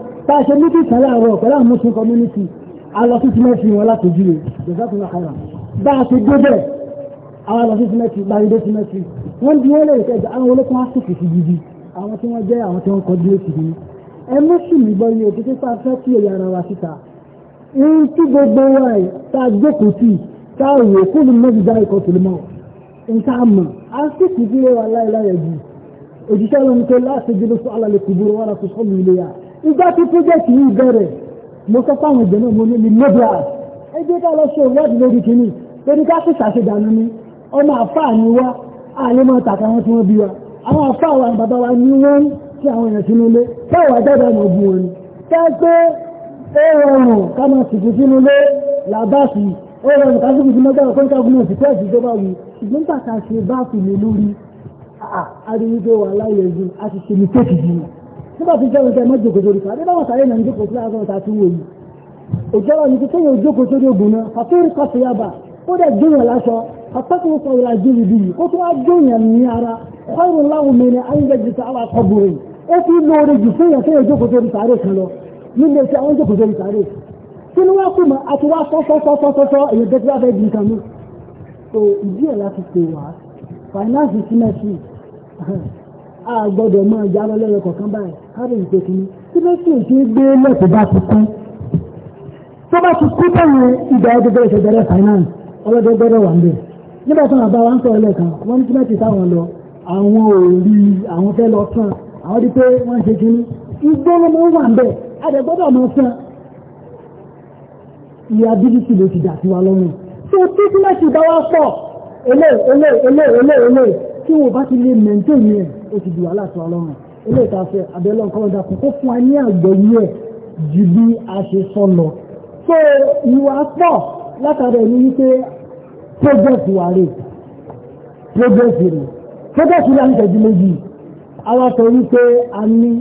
tá a ṣe níbi kan láàárọ̀ pẹ̀lú àwọn muslim community a lọ sí símẹ́tì wọn láti ojú rẹ̀ jọ̀sọ́kùnrin àkàrà bá a ti gbé bẹ́ẹ̀ àwọn lọ sí símẹ́tì gbàgbé símẹ́tì wọ́n di wọ́n lè rẹ̀ kẹjọ àwọn olókùn asòfò sí gidi àwọn tí wọ́n jẹ́ àwọn tí wọ́n kọjú èsì ni ẹ mú sì mí gbọ́ iye òkè pípa fẹ́ kí ẹ̀yà ara wa síta ń tí gbogbo wa ẹ̀ tá a jókòó sí tá a wò kó lè mọ́bi dá ikọ̀ tó lè mọ́ nǹkan àmọ́ asòfò sí wa láìláyà jù òjíṣẹ́ lọ́nà tó láti dúró sọ alàlẹ́ kùbúrú wọn àti sọ́ọ̀lù ilé yàrá ìgbà tí pírójẹ́tì yìí bẹ̀rẹ̀ mo sọ fáwọn ìgbẹ́ náà mo ní libra ẹgbẹ́ ká lọ ṣe ìwádìí lórí kìíní lórí ká sì ṣàṣedànù ni ọmọ àfáà ni wá àlè máa tàkà wọn tí wọ́n bí wa àwọn àfáà wa bàbá wa ní wọ́n tí àwọn èèyàn sínú ilé táwọn àjáde àwọn ògùn wọn ni tẹ́ pé ó rọrùn ká máa sìnkú sínú ilé làbáàsì ó rọrùn ká sìnkú sínú ọjọ́ àkọ́ńtà gómìnà sí tẹ́ẹ̀sì tó bá wù ṣùgbọ́n tàkà ṣe báàsì lé lórí àríwíjọ wà láyé ẹ̀jú àti ṣe ní tẹ́ẹ̀sì jù tó bá ti jẹ́ oúnjẹ mọ́ jòkó sórí sáré báwọn sáré náà ń jòkó sí àwọn ọ̀tá tí ń wòye òjọ́rọ̀ ní kíkẹ́ yóò jòkó sórí ogun náà fàfíìrì kọfì yaba ó dẹ̀ jóyàn láṣọ afẹ́kùn sọ ìlà jírí bí ó tún wá jóyàn ní ara ọrùn láwùn mi ni ayé jẹ ta àwọn akọbùrẹ̀ ó fi lóore jù fún yàn kéèyàn jòkó sórí sáré kan lọ nílé tí àwọn jòkó sórí sáré kí ni wọ́n kú mọ́ àti wá sọ́sọ́sọ́sọ́sọ́ èyàn jẹ́ tí wọ́n fẹ́ di nǹkan mi. so ìdí ẹ̀ láti pè wá finance is messy a gbọ́dọ̀ máa já lọ lẹ́yọ kọ̀ọ̀kan báyìí káàdì ìpè kìíní tí mẹ́sìn ìṣe gbé lẹ́kọ̀ọ́ bá ti kú tó bá ti kú báyìí ìgbà ọdọdọ ìṣẹ̀dẹ̀rẹ̀ finance ọlọ́dọ̀ gbọ́dọ̀ wà níbẹ̀ nígbà tí wọn bá wa ń sọ̀rọ̀ lẹ́ẹ̀kan wọ́n ní tímẹ́tì táwọn lọ àwọn ò rí àwọn fẹ́ lọ sàn àwọn di pé wọ́n ṣe kìíní igbó ló máa ń wà níbẹ̀ àdẹ̀gbọ́dọ̀ máa sàn ìyá bíbítì ló ti dà sí wa lọ́rùn tó tí tímẹ́tì bá wá pọ̀ elé elé elé elé elé tí wọn bá ti lè mẹ́ńtẹ́ yẹn ó ti di wàhálà tó ọlọ́run ilé ìtafẹ́ abẹ́lẹ́ nǹkan ọ̀dà kò kó fún wa ní àgbẹ̀yẹ ju bí a ṣe sọ lọ. so ìwà pọ̀ látara ẹni wípé progress wà rè progress rè progress rè àti ìtẹ̀jú méjì àwọn sọ wípé a ní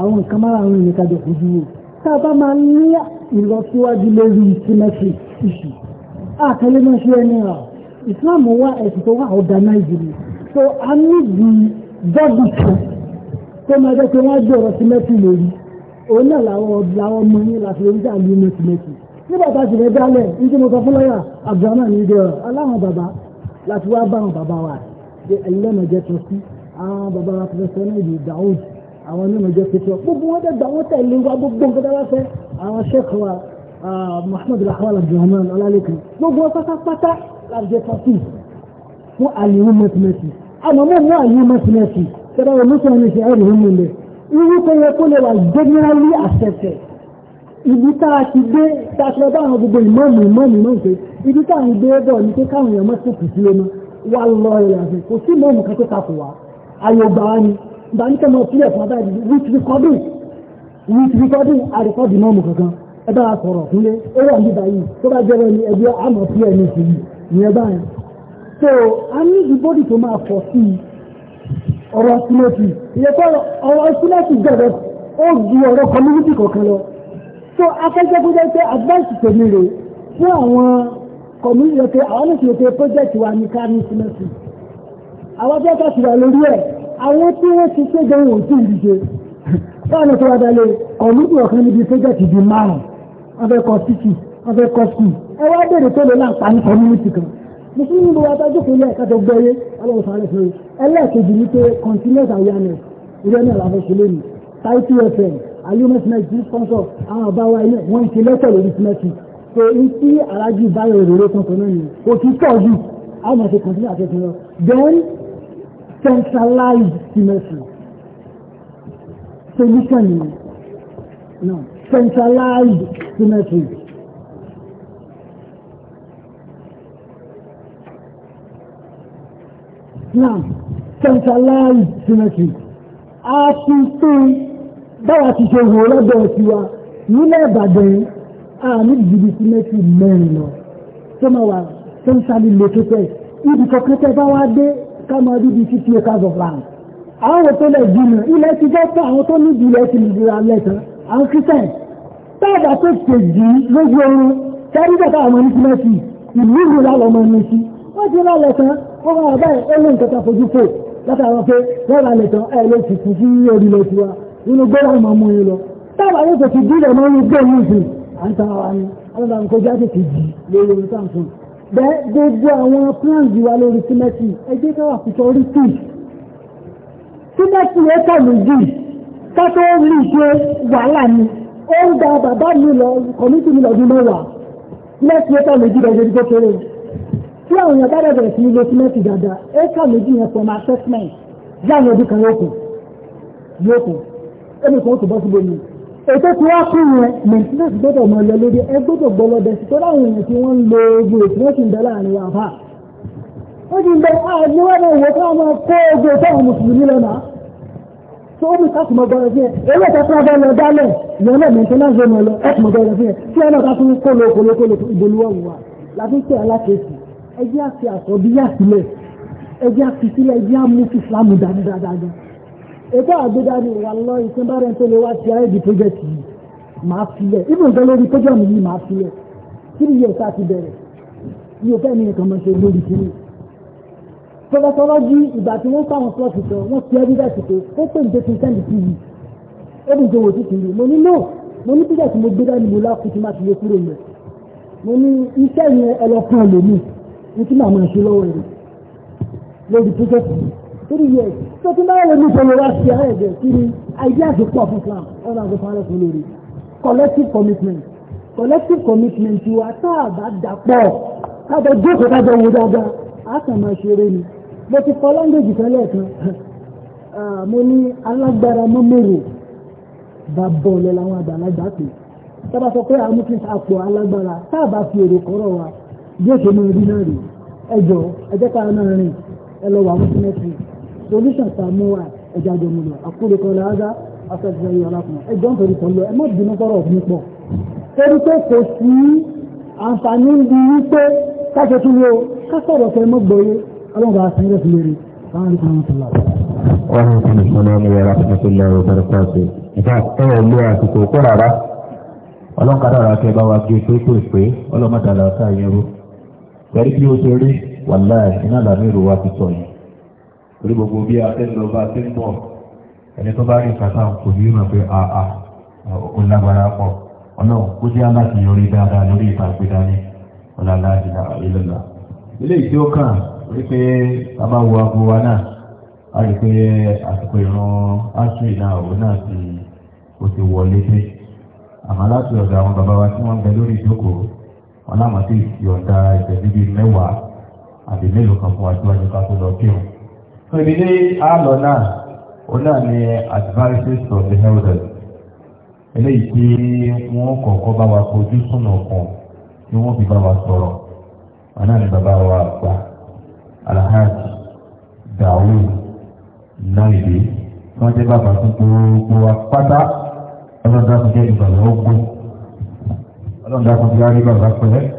àwọn nǹkan márùn-ún yìí kájọ kò dúró tá a bá máa ní ìlọsíwájú lórí symmetry issue àtẹlẹmọṣẹ ẹni rà Islam wá ẹ̀sìn tó wà organize ni so a ní bíi bọ́ọ̀bù kan tó máa jẹ́ pé wọ́n jọ̀rọ̀ símẹ́tì lórí òun náà làwọn làwọn ọmọ yín láti lórí jà ní inú símẹ́tì nígbà tá a sì lè dálẹ̀ ní tí mo sọ fún lọ́yà abdulhamid ní ìdí ọ̀rọ̀ aláwọn bàbá láti wá bá àwọn bàbá wa ṣe ẹlẹ́mọ̀jẹ́ tó sí àwọn bàbá wa pẹ̀lẹ́sẹ̀ náà ìlú Daoud àwọn onímọ̀jẹ́ pẹ̀tọ́ gbogbo wọn dẹ̀ gbà wọ́n tẹ̀lé wa gbogbo nǹkan tá a bá fẹ́ àwọn sheikh wa Muhammad rahman abdulhamid ọlálẹ́kùn gbogbo wọn pátápátá láti jẹ́ tó sí fún àlè أنا ما نعني مثلتي ترى مثلا شعرهم منه ìwúkọ yẹ kó lè wà generally accepted ibi tá a ti gbé tá a ti lọ bá àwọn gbogbo ìmọ̀ọ̀mù ìmọ̀ọ̀mù náà pé ibi tá à ń gbé bọ̀ ní pé káwọn èèyàn máa tètè sílé mọ́ wà lọ ẹ̀rọ àti kò sí ìmọ̀ọ̀mù kan tó takò wá ayò gbà wá ni gbà ní kẹ́mọ̀ sílẹ̀ fún abáyé with recording with recording àrèkọ́dì mọ́ọ̀mù kankan ẹ bá a sọ̀rọ̀ fúnlé ó wà níbàyí tó bá jẹ́ ẹni ẹgbẹ́ àmọ̀ sílẹ̀ ní ìsìn yìí ìyẹn báyìí so I a ní ìbọ́dì tó máa fọ̀ sí ọ̀rọ̀ sinẹ́tì ìyẹ́pẹ́ ọ̀rọ̀ sinẹ́tì gbẹ̀rẹ̀ ó ju ọ̀rọ̀ community kọ̀ọ̀kan lọ so akẹ́kẹ́ tó jẹ́ pé advice tèmi rè fún àwọn community àwọn oníṣẹ́ project wa ní ká ní sinẹ́tì àwọn abẹ́ẹ̀ká ti wà lórí ẹ̀ àwọn tí wọ́n ti ṣe gan òtí ìdíje báwọn tó wádá lé community ọ̀kan níbi project di márùn-ún wọ́n fẹ́ kọ́ city wọ́n fẹ́ kọ́ school ẹ wá bèrè tó lè láǹpa ní community kan mùsùlùmí bó wa ta jókòó ilé ẹ̀ka tó gbẹ́yé ọlọ́run sáré fún mi ẹlẹ́ẹ̀kejì ní pé continuous awareness ìrẹ́ náà làwọn ṣe lónìí taiti fm alimus mẹ́tì sponsor àwọn àbáwá ilé wọ́n ti lẹ́tọ̀ lórí mẹ́tì pé n tí alájú báyọ̀ òróró tuntun náà ni kò ti tọ̀ ju àwọn àti continue àti ìpinnu then centralized mẹ́tì solution ni no centralized symmetry. Islam centralized symmetry a ti pín báwa ti ṣe wò lọ́dọ̀ tiwa nílẹ̀ Ìbàdàn a ní jìbì symmetry mẹ́rin lọ tó máa wà centrally located ibi kọ̀kẹ́tẹ̀ bá wá dé ká máa rí bí fifty acres of land àwọn tó lẹ̀ jìnnà ilẹ̀ ti jẹ́ pé àwọn tó ní ìdílé ti lè ra lẹ́tàn àwọn Christian táàbà tó kejì lójú oorun tẹ́rí bàbá àwọn oníṣẹ́ mẹ́sì ìlú ìlú lálọ́mọ ẹni sí wọ́n ti rà lẹ́tàn ó wà báyìí ó lè nǹkan fojú fò látara pé lọ́ra lè tán ẹ̀ lè fìfì sí orí lọ tiwa inú gbọ́dọ̀ máa mú yín lọ táwa yóò tètè dílẹ̀ mọ́ ní gbé yín sí à ń tara wa ni ọlọ́dà ń kọjá tètè jì lórí orí sáǹsùn bẹ́ẹ̀ gbogbo àwọn plans wa lórí símẹ́tì ẹgbẹ́ káwà fìfọ́ orí tì símẹ́tì ẹ̀ kàlù jì kátó rí ṣe wàhálà ni ó ń da bàbá mi lọ kọ̀mítì mi lọ́dún mẹ́wàá símẹ́tì ẹ̀ kàlù jì lọ́dún tó kéré tí àwọn èèyàn bá bẹ̀rẹ̀ sí ilé símẹ́ǹtì dáadáa éka méjì yẹn fọmọ assessment láàrin ọdún kan yókù yókù ẹni kan ó tún bọ́ síbò mi ètò tí wọ́n kú yẹn maintenance gbọ́dọ̀ mọ lọ lórí ẹ gbọ́dọ̀ gbọ́ lọ bẹ̀sí tó láwọn èèyàn tí wọ́n ń lo ogun ètò wọ́n sì ń bẹ láàrin wa fà ó sì ń bẹ àdé wọn náà wò káwọn máa kó ogun ètò àwọn mùsùlùmí lọ́nà tó ó mi ká tùmọ̀ ẹjẹ́ àti àsọ̀bíyà sílẹ̀ ẹjẹ́ àti sílẹ̀ ẹjẹ́ àmú ti fìlàmù dáadáa. ètò àgbéga ni wà lọ ìpínbárẹ̀ tó lè wá sí àìdí project yìí máa filẹ̀ even gan lórí program yìí máa filẹ̀ three years àti bẹ̀rẹ̀ mi ò fẹ́ ní nǹkan mọ̀ ṣe lórí kiri tọ́lọ́tọ́lọ́jú ìgbà tí wọ́n fáwọn klọ́ọ̀fù sọ wọ́n ti ẹbí bẹ́ẹ̀ sìkò ó pè ní jẹ́kí sẹ́ndì sí ó dùn jẹ́ wò sí kìí mo ní no mo ní píjẹ́ mo gbé dání mo láàkú má ti yé kúrò mẹ́ mo ní iṣẹ́ yẹn ẹlọ́kàn lòmíì ní kí màá máa ṣe lọ́wọ́ rẹ̀ lórí pípẹ́tì three years tó ti máa ronú pẹ̀lú russia ẹ̀jẹ̀ kí ni ideas pọ̀ fún Islam ọ̀nà àgbẹ̀fọ́nrẹ́ fún lórí collective commitment collective commitment wa tá a bá dàpọ̀ kájọ jókòó kájọ wo dáadáa a kàn máa ṣeré ni mo ti kọ́ language tẹ́lẹ̀ kan ah, mo ní alágbára mọ́mọ́rò bàbọ̀ ọ̀lẹ́ làwọn àgbàlagbà pè tábà sọ pé àwọn muslims àpò alágbára tá a bá fi èrò kọ́rọ̀ wa yóò ṣe mú ibi náà rí ẹjọ́ ẹjẹ́ ká náà rìn ẹ lọ wà fún symmetry solution ta mú wa ẹjẹ́ àjọ mu lọ àkúrò kan lọ ága afẹ́fẹ́ yìí alákùnrin ẹjọ́ ń torí kan lọ ẹ má bínú sọ̀rọ̀ ọ̀gbìn pọ̀ torí pé kò sí àǹfààní ń bi wípé káṣe tún wo ká sọ̀rọ̀ fẹ́ mọ́ gbòye ọlọ́run àti ẹ̀rẹ́ fi lérè láwọn ní ẹ̀rọ àtúnṣe lọ́wọ́ bẹ̀rẹ̀ pàṣẹ ìfẹ́ ẹ̀rọ ilé àsìkò kó rárá ọlọ́run kádàrá kẹ bá wa gé ọlọ́mọdàlá ọ̀tá yẹn pẹ̀lú bí ó ṣe rí wàláì iná làmírò wa ti sọ yìí orí gbogbo bí a ti ń lọ bá ti ń bọ̀ ẹni tó bá rí kàtà kò ní mọ̀ pé àà ah, ah, ó lágbára pọ̀ ọ̀nà kó jẹ́ aláti yọrí dáadáa lórí ìtàgbé dání ọ̀làlá ìlà ìlọ́lá. ilé ìtí ó kàn rí pé a bá wo aago wa náà a rí pé àsìkò ìran ashley náà òun náà ti ó ti wọlé dé àmọ́ láti ọ̀dọ̀ àwọn bàbá wa tí wọ́n ń bẹ lórí ìjókòó wọn láwọn sì yọ̀ǹda ẹ̀sẹ̀ bíbí mẹ́wàá àbí mélòó kan fún wa síwájú ká tó lọ kírun. so ibi ní àlọ́ náà òun náà ni advices of the elders eléyìí tí wọ́n kọ̀ọ̀kan bá wa fojú sùnà kan tí wọ́n fi bá wa sọ̀rọ̀ wọn náà ni bàbá wa àgbà alhaji dawud naide wọ́n jẹ́ bàbá tó gbogbo wa pátá ọlọ́dún àti jẹ́ ìgbàlá ogun. ọlọ́run dá fún fúlárí bàbá pẹ́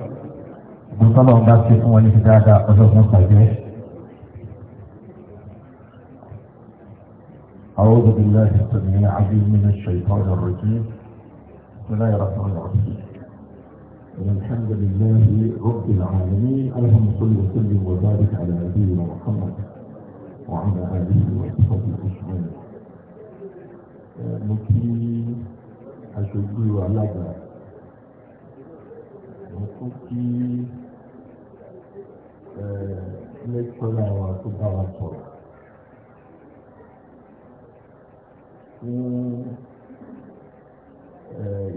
ọdún tọ́lọ̀ ń bá ṣe fún wọn ní ti dáadáa ọlọ́run أعوذ بالله السميع العليم من الشيطان الرجيم بسم الله الرحمن الرحيم الحمد لله رب العالمين اللهم صل وسلم وبارك على نبينا محمد وعلى آله وصحبه أجمعين. mo kí aṣojú alága àkókò kí lẹ́kọ̀ọ́lá wa tó bá wa sọ̀rọ̀. Fún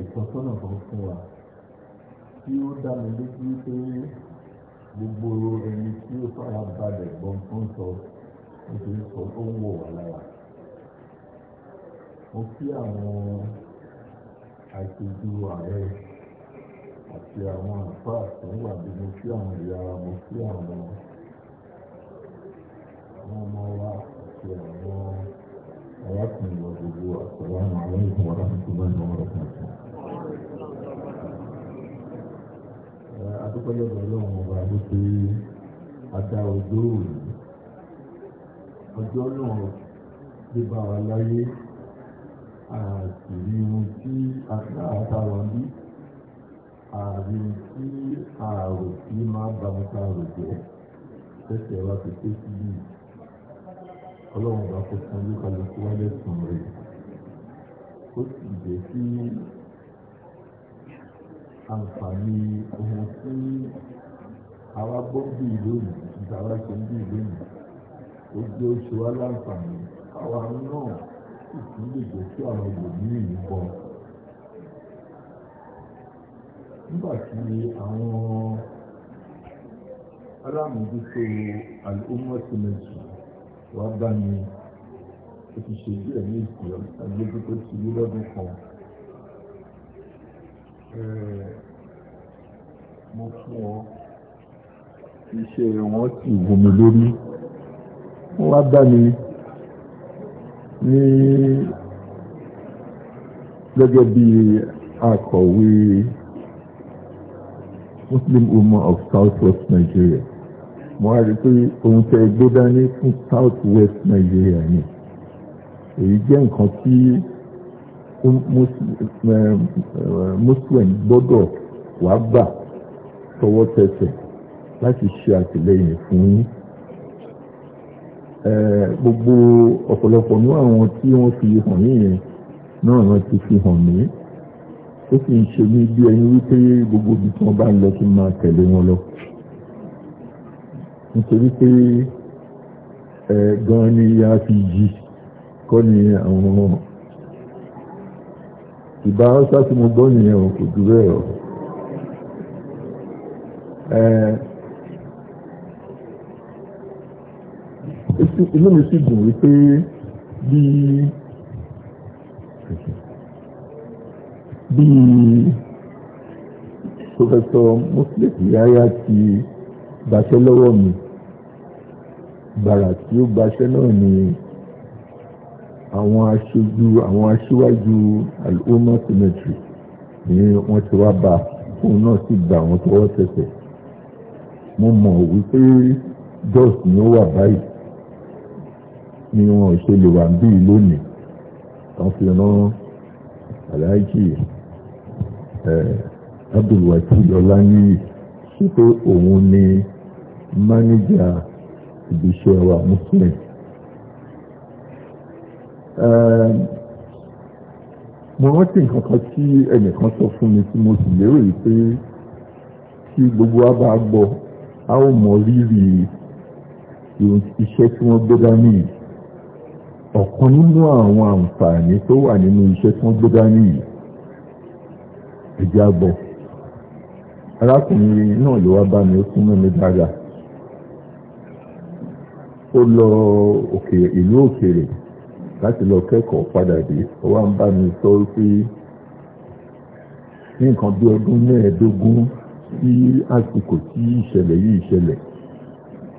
ìtọ́sọ́nà kan fún wa tí ó dá mi lójú pé gbogbo ẹni tí ó fara balẹ̀ gbọ́n tó ń sọ nítorí sọ ó ń wò wá lára. Mo kí àwọn àṣejù ààrẹ àti àwọn àpá àtẹ̀wàdì mo kí àwọn ìyá mo kí àwọn ọmọ wa àti àwọn arákùnrin wa gbogbo àtàwọn àwọn ìfọwọ́dá tuntun náà ní ọ̀rọ̀ kan tó. adúpẹ́lẹ́ ọlọ́run ọba ló pé adá ọjọ́ òní ọjọ́ náà ló bá wa láyé àti rí ohun tí àtàwọn bí ààrin tí ààrò tí máa bá mú káàrò jẹ́ tẹ́tẹ̀ wa ti pé sí bí ọlọ́run bá kó fún olúkálukú wálé sùn rẹ̀ ó sì jẹ́ sí àǹfààní ohun tí àwa gbọ́ bí lónìí ìtara ṣe ń bí lónìí ó jẹ́ oṣù wa láǹfààní àwa náà sì tún lè jẹ́ sí àwọn ìlú ní ìbọn. nígbà tí àwọn alámòójútó alómọ́tì méjì wá bá mi ó ti ṣe díẹ̀ ní ìsìn agbègbè tó ti rí lọ́dún kan mo fún ọ iṣẹ́ wọn sì wù mí lórí wọ́n wá bá mi ní gẹ́gẹ́ bí akọ̀wé. Muslim Ummah of Southwest Nigeria mo wá rí i pé ohun tẹ́ gbé dání fún Southwest Nigeria ni èyí jẹ́ nǹkan tí um, um, um, Muslim gbọ́dọ̀ wá gbà tọwọ́ tẹsẹ̀ láti ṣe àtìlẹ́yìn fún yín gbogbo ọ̀pọ̀lọpọ̀ nínú àwọn tí wọ́n fi hàn yín yẹn náà wọ́n ti fi hàn mí ó sì ń ṣe mí bí ẹni wípé gbogbo ibi tí wọ́n bá ń lọ kí n máa tẹ̀lé wọn lọ nítorí pé ẹ gan ni a fi jí kọ́ ni àwọn ìbá ọ́sá tí mo gbọ́ nìyẹn ò kò dúró ẹ̀rọ inú mi sì dùn wípé bí bí pòfẹ́sọ muslim yáyá ti gbaṣẹ́ lọ́wọ́ mi gbàrà tí ó gbaṣẹ́ náà ni àwọn aṣojú àwọn aṣíwájú alhoma cemetery ni wọ́n ti wá bá òun náà sì gbà wọ́n tọwọ́ tẹsẹ̀ mo mọ̀ wípé jos ni ó wà báyìí ni wọn ò ṣe lè wà ń bí lónìí kan fi rán aláìjì Abdulwakil Ọláníyì sí pé òun ni mánéjà ibiṣẹ́ wa muslim. mo rántí nǹkan kan tí ẹnìkan sọ fún mi tí mo sì lérò yìí pé tí gbogbo wa bá gbọ́ a ó mọ rírì iṣẹ́ tí wọ́n gbé dání ọ̀kan nínú àwọn àǹfààní tó wà nínú iṣẹ́ tí wọ́n gbé dání yìí ẹ̀jẹ̀ àbọ̀ arákùnrin náà ló wá bá mi ó súnmọ́ mi dára ó lọ ìlú òkèèrè láti lọ kẹ́kọ̀ọ́ padà dé ó wá ń bá mi sọ pé ní nǹkan bí ọdún mẹ́ẹ̀ẹ́dógún sí àsìkò tí ìṣẹ̀lẹ̀ yìí ṣẹlẹ̀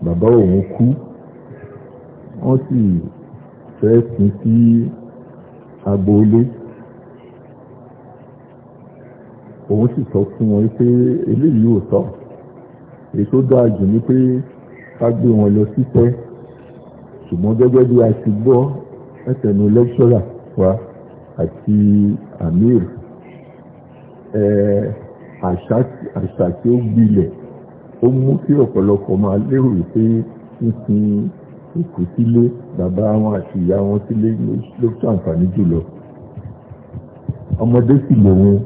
bàbá òun kú wọ́n sì fẹ́ sin sí agboolé òun sì sọ fún wọn pé eléyìí ò tọ́ èyí tó dáa jù ni pé ká gbé wọn lọ sí tẹ́ ṣùgbọ́n gẹ́gẹ́ bí a ti gbọ́ ẹ̀tẹ̀nu lẹ́kṣọ́rà wa àti amir àṣà tí ó gbilẹ̀ ó mú kí ọ̀pọ̀lọpọ̀ máa lérò pé sísin òkú sílé bàbá wọn àti ìyá wọn sílé ló ṣàǹfààní jùlọ ọmọdé sì lòun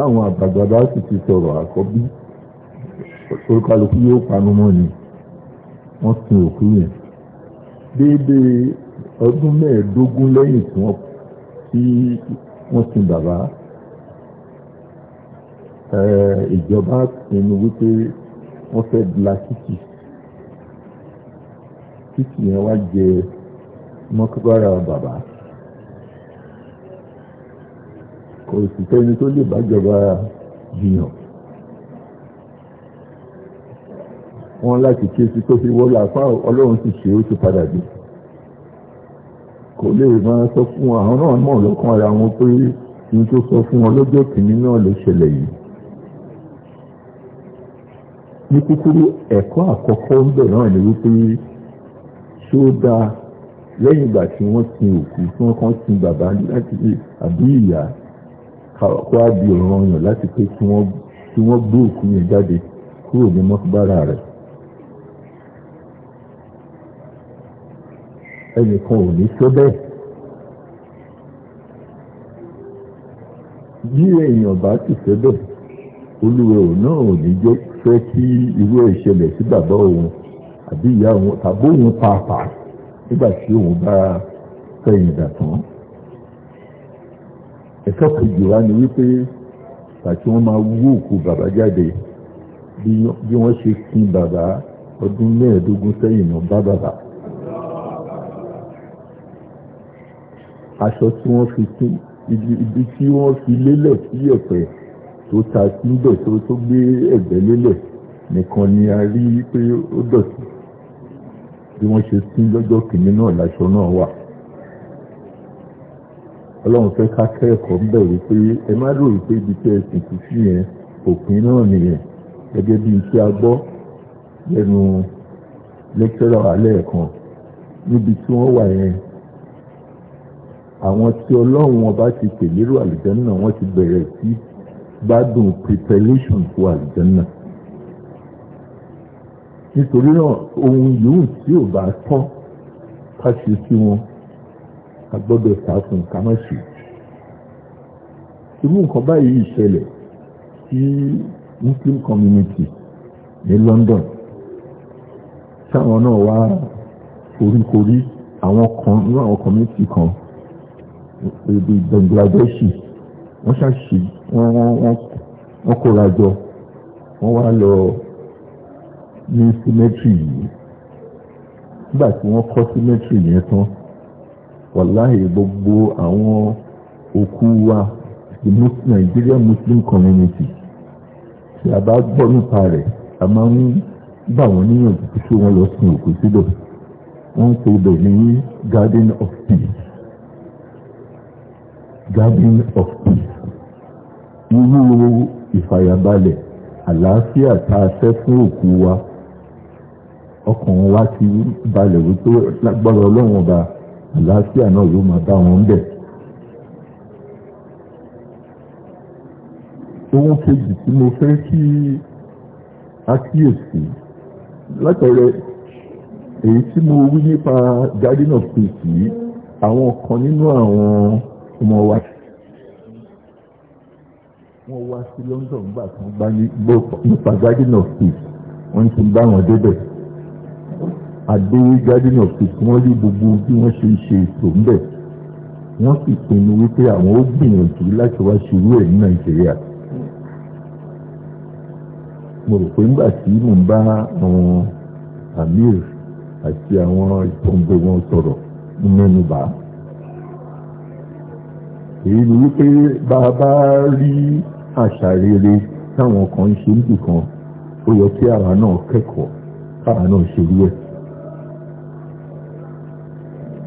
táwọn àgbààgbà bá sì ti sọ̀rọ̀ àkọ́bí orúkálukú yóò panu mọ́ ni wọ́n sin òkú yẹn déédéé ọdún mẹ́ẹ̀ẹ́dógún lẹ́yìn tí wọ́n tí wọ́n sin bàbá ìjọba pinnu wípé wọ́n fẹ́ la títì títì yẹn wá jẹ mọ́kúbára bàbá. kò sì tẹ́ni tó lè bájọba jiyàn wọ́n láti ké sí tó fi wọ́lá apá ọlọ́run sì ṣe ó ti padà dé kò lè máa sọ fún àwọn náà mọ̀ lọ́kàn ara wọn pé ní tó sọ fún wọn lọ́jọ́ kìíní náà ló ṣẹlẹ̀ yìí ní kúkúrú ẹ̀kọ́ àkọ́kọ́ ń bẹ̀ náà ni wípé ṣó dáa lẹ́yìn ìgbà tí wọ́n sin òkú tí wọ́n kàn sin bàbá láti àbí ìyá kó á di ọ̀ràn yàn láti pé kí wọ́n gbé òkú yẹn jáde kúrò ní mọ́síbára rẹ̀ ẹnìkan ò ní sọ bẹ́ẹ̀ bí èèyàn bá sì sọ bẹ́ẹ̀ olúwa òun náà ò ní jẹ́ fẹ́ kí irú ẹ̀ ṣẹlẹ̀ sí bàbá òun àbí ìyá òun tàbí òun pàápàá nígbà tí òun bá fẹ̀yìn dà tán ẹ̀kọ́ kejì wa ni wípé pàtí wọ́n máa wú òkú bàbá jáde bí wọ́n ṣe sin bàbá ọdún mẹ́ẹ̀ẹ́dógún sẹ́yìn náà bá bàbá. aṣọ tí wọ́n fi sí ibi tí wọ́n fi lélẹ̀ sí ẹ̀pẹ̀ tó ta síbẹ̀ tó tó gbé ẹ̀gbẹ́ lélẹ̀ nìkan ni a rí pé ó dọ̀tí bí wọ́n ṣe sin lọ́jọ́ kìíní náà láṣọ náà wà ọlọ́run fẹ́ ká kẹ́ẹ̀kọ́ ń bẹ̀ wípé ẹ má rò wípé ibi tí ẹ sì ti sí yẹn òpin náà nìyẹn gẹ́gẹ́ bí iṣẹ́ agbọ́ lẹ́nu lẹ́kítọ́rọ̀ alẹ́ kan níbi tí wọ́n wà yẹn àwọn tí ọlọ́run ọba ti pè lérò àlùjànnà wọ́n ti bẹ̀rẹ̀ sí gbádùn preparation fún àlùjànnà nítorí náà ohun yòówù tí ò bá tọ́ ká ṣe sí wọn a gbọ́dọ̀ sàákùn ká má ṣe irú nǹkan báyìí ìṣẹ̀lẹ̀ sí muslim community ní London táwọn náà wá foríkorí àwọn kan nínú àwọn community kan èdè Bangladeshi wọ́n ṣàṣì wọ́n kóra jọ wọ́n wá lọ ní symmetry yìí nígbà tí wọ́n kọ́ symmetry yẹn tán wàláhì gbogbo àwọn òkú wa the Nigerian Muslim community tí a bá gbọ́ nípa rẹ̀ a máa ń gbà wọ́n níyànjú kí ṣé wọ́n lọ sin òkú síbẹ̀ wọ́n ń pè ní garden of peace garden of peace irú ìfàyàbalẹ̀ àlàáfíà tá a fẹ́ fún òkú wa ọkàn wa ti balẹ̀ wípé lágbára ọlọ́run ọba àlàáfíà náà yóò máa bá wọn bẹ̀. ohun kejì tí mo fẹ́ kí a kíyèsí látọ̀rẹ èyí tí mo wí nípa garden of peace yìí àwọn kan nínú àwọn ọmọ wa wọ́n wá sí London gbà kan gbá nípa garden of peace wọ́n ti bá wọn débẹ̀ àdéhùn garden of faith wọ́n rí gbogbo bí wọ́n ṣe ṣe ètò ńbẹ̀ wọ́n sì pinnu wípé àwọn ó gbìyànjú láti wá ṣerú ẹ̀ ní nàìjíríà mo rò pé nígbà tí mò ń bá àwọn amir àti àwọn ìpọ́nbẹ wọn sọ̀rọ̀ mẹ́nu bá èyí ni wípé bá a bá rí àṣà rere táwọn kan ń ṣe níbìkan ó yẹ kí àwa náà kẹ́kọ̀ọ́ káwa náà ṣerú ẹ̀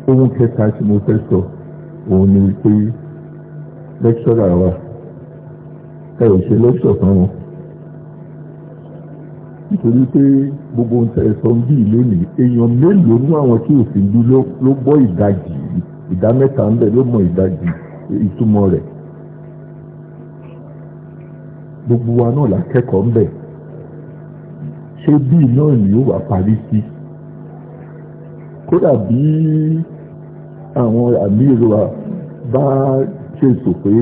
ohun kẹta tí mo fẹ́ sọ òun ni pé lẹ́kṣọ́rà wa ẹ ò ṣe lẹ́kṣọ̀ fáwọn nítorí pé gbogbo ohun tẹ̀ sọ ń bí lónìí èèyàn mélòó nú àwọn tí òfin bí ló gbọ́ ìdajì ìdá mẹ́ta ń bẹ̀ ló mọ ìdajì ìtumọ̀ rẹ̀ gbogbo wa náà la kẹ́kọ̀ọ́ ń bẹ̀ ṣé bíi náà ni ó wà parí sí i kódà bí àwọn àbí yorùbá bá ṣètò pé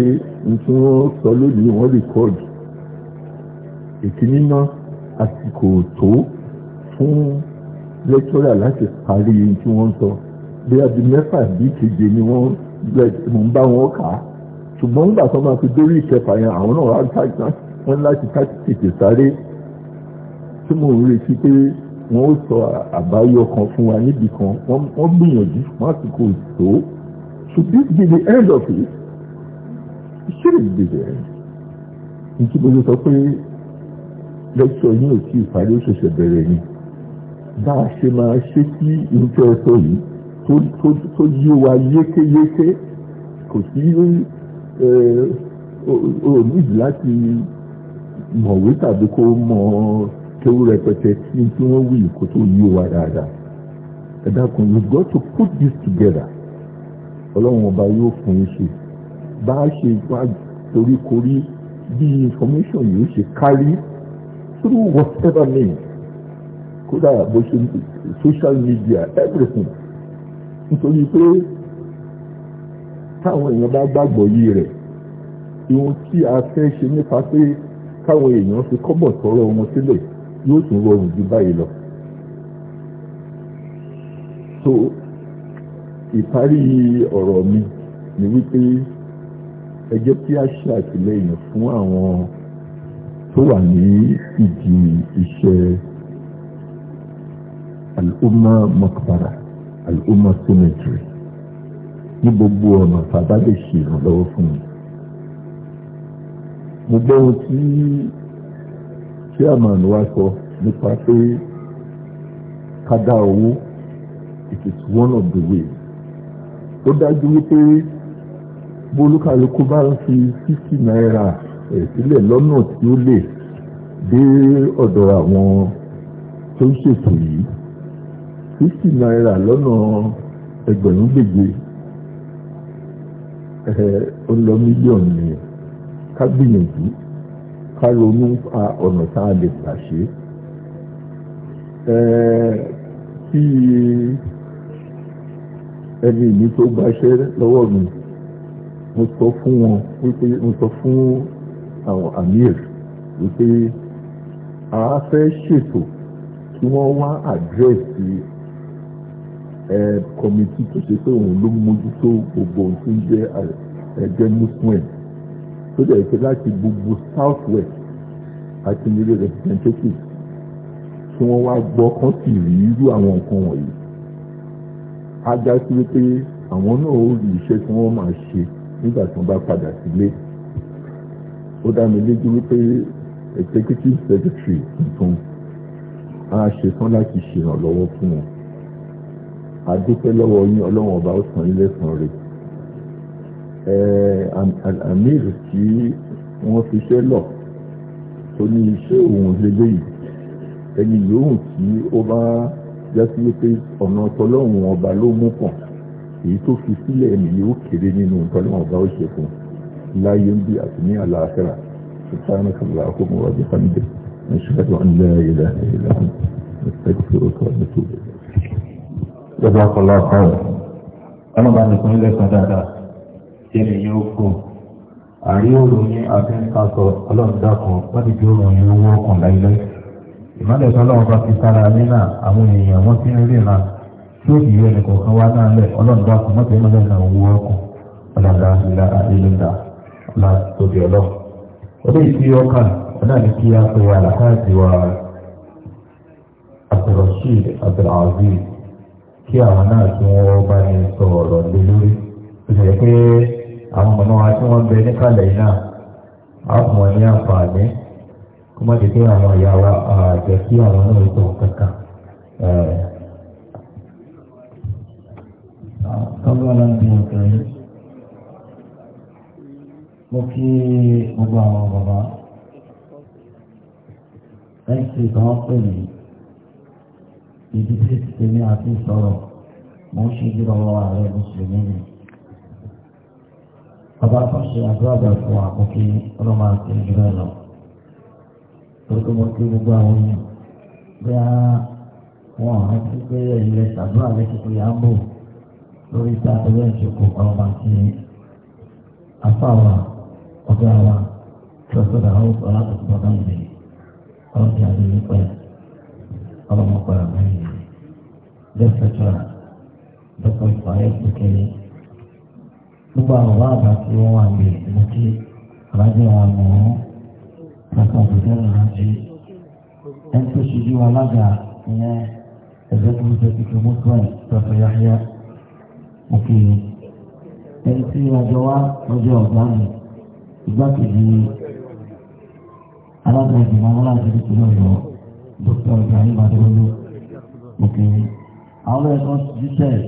n tí wọ́n sọ lónìí wọ́n rìkọ́ọ̀dù ìkíní náà àsìkò tó fún lẹ́tọ́rà láti parí tí wọ́n ń sọ bí adi mẹ́fà bí keje ni wọ́n mò ń bá wọn kà á ṣùgbọ́n nígbà tó máa fi dórí ìkẹfà yẹn àwọn náà wọ́n láti tètè sáré tí mò ń retí pé wọ́n ó sọ àbáyọ kan fún wa níbì kan wọ́n gbìyànjú wọ́n sì kò tó should this be the end of it it shouldn't be the end nítí mo lè sọ pé lẹ́kṣọ̀ yín ò tí ì parí ó ṣẹ̀ṣẹ̀ bẹ̀rẹ̀ ni bá a ṣe máa ṣe sí ìjọ ẹ̀tọ́ yìí tó yé wa yékéyéké kò sí òmìnir láti mọ̀wé tàbí kó mọ̀ ọ́ kéwú rẹpẹtẹ tí tí wọ́n wí kó tó yí wa dáadáa ẹ you got to put this together ọlọ́run ọba yóò fún yín ṣe bá a ṣe wá toríkorí bí information yóò ṣe kárí through whatever means kódà bó ṣe social media everything nítorí pé táwọn èèyàn bá gbàgbọ́ yìí rẹ̀ ohun tí a fẹ́ ṣe nípa pé káwọn èèyàn fi kọ́bọ̀ tọrọ wọn sílẹ̀ yóò tún rọrùn ju báyìí lọ. so ìparí ọ̀rọ̀ mi ni wípé ẹ jẹ́ kí a ṣe àtìlẹ́yìn fún àwọn tó wà ní ìdí iṣẹ́ al'umma makbara al'umma cemetery ní gbogbo ọ̀nà tàbá lè ṣe ìrànlọ́wọ́ fún mi. mo gbọ́ ohun tí chairman wa sọ nípa pé kádà owó it is one of the ways ó dájú wípé bólúkàlùkù bá ń fi fifty naira ẹ̀ sílẹ̀ lọ́nà tí ó lè dé ọ̀dọ̀ àwọn tó ń ṣètò yìí fifty naira lọ́nà ẹgbẹ̀rún gbèje ẹ̀ ó lọ mílíọ̀nù ká gbìyànjú ká ronú pa ọ̀nà tá a lè gbà ṣe tí ẹni ìní tó gbaṣẹ́ lọ́wọ́ mi mo sọ fún wọn wípé mo sọ fún àwọn amir wípé a fẹ́ ṣètò kí wọ́n wá àdírẹ́sì kọ́mítì tó ṣe pé òun ló mójútó gbogbo ohun tó ń jẹ́ ẹgbẹ́ muslim tó dẹ̀ ṣe láti gbogbo south west àti ilé representative tí wọ́n wá gbọ́ kán sì rí irú àwọn nǹkan wọ̀nyí á já sí wípé àwọn náà ó rí iṣẹ́ tí wọ́n máa ṣe nígbà tí wọ́n bá padà sílé ó dá mi lójú wípé executive secretary tuntun á ṣetán láti ṣèrànlọ́wọ́ fún wọn a dúpẹ́ lọ́wọ́ yín ọlọ́run ọba ó san ilé san rèé amir tí wọ́n fi ṣe lọ tó ní iṣẹ́ òun lélẹ́ yìí ẹni yòówù tí ó bá jásí wípé ọ̀nà tọlọ́hun ọba ló mú kàn èyí tó fi sílẹ̀ ẹni yóò kéré nínú tọlọ́hun ọba ó ṣe fún láyé ń bí àti ní àlàáfíà سبحانك اللهم وبحمدك نشهد أن لا إله إلا أنت نستغفرك ونتوب إليك جزاك الله خيرا أنا بعد كل ذلك jẹ́rẹ̀ yóò gọ̀ àrí òròyìn afẹ́ńkàsọ ọlọ́ọ̀dàkan láti fi òròyìn owó ọkàn láìláì ìmọ̀lẹ̀ tọ́lọ́wọ́ bá ti sára ní náà àwọn èèyàn wọ́n ti ń rí náà tí ó sì yọ ẹnì kọ̀ọ̀kan wá náà lẹ̀ ọlọ́ọ̀dàkan mọ́tò ìmọ̀lẹ̀ náà owó ọkàn ọ̀làdà ìlà àdéhùndà ọ̀là tòbí ọlọ́ ọdún ìfi ọkàn ọ̀nà ní kí a pe àlàkáàtì wa Abdulrasheed Abdulaziz kí àwọn náà tí wọ́n bá ní sọ̀rọ̀ lé lórí ó sì yẹ pé àwọn ọmọ wa tí wọ́n bẹ níkàlẹ̀ yìí náà á fún wọn ní àǹfààní kó má dédé àwọn ìyá wa àjẹ́ kí àwọn náà tó kankan. Kọ́lọ́lá ń bí ọ̀tọ̀ yìí. Mo kí gbogbo àwọn bàbá. Ẹ̀sìn kan pè mí. Ìdí ti tẹ̀lé àti sọ̀rọ̀. Mo ń ṣe ìdúró ọwọ́ ààrẹ Mùsùlùmí ni bàbá àtúnṣe àdúràgbà fún àkókè ọlọ́mọ àti ìjọba ẹ̀ lọ. orúkọ mọ kí gbogbo àwọn yìí bí a wọn àwọn ti gbé ilẹ̀ sàdúrà lẹ́kìtì yàgbò lórí tá a tẹ̀lé ìṣòkò ọlọ́mọ àti afáwà ọ̀gá wa tó sọ̀rọ̀ àwọn ọlọ́kùnrin bàbá ìgbè ọlọ́kùnrin àti ìyípa ọlọ́mọkùnrin àbáyé lẹ́sẹ̀ tó a lọ́kùnrin fàáyé kékeré gbogbo àwọn ọba àgbà tí wọ́n wà lè mú kí àbájọ àwọn àmọ́ kàkà òṣìṣẹ́ náà ṣe ẹni tó ṣojú alága ìyẹn ẹgbẹ́ tó ń jẹ́ tuntun mọ́tòẹ̀ tọ́tọ̀ yáyá mú kí ẹni tí àjọ wa lọ́jọ́ ọ̀gá mi ìgbákejì alága ìgbìmọ̀ aláṣẹ ìpínlẹ̀ ọ̀yọ́ dókítà ibrahim adéwọlé mú kí àwọn ẹ̀kọ́ jíṣẹ́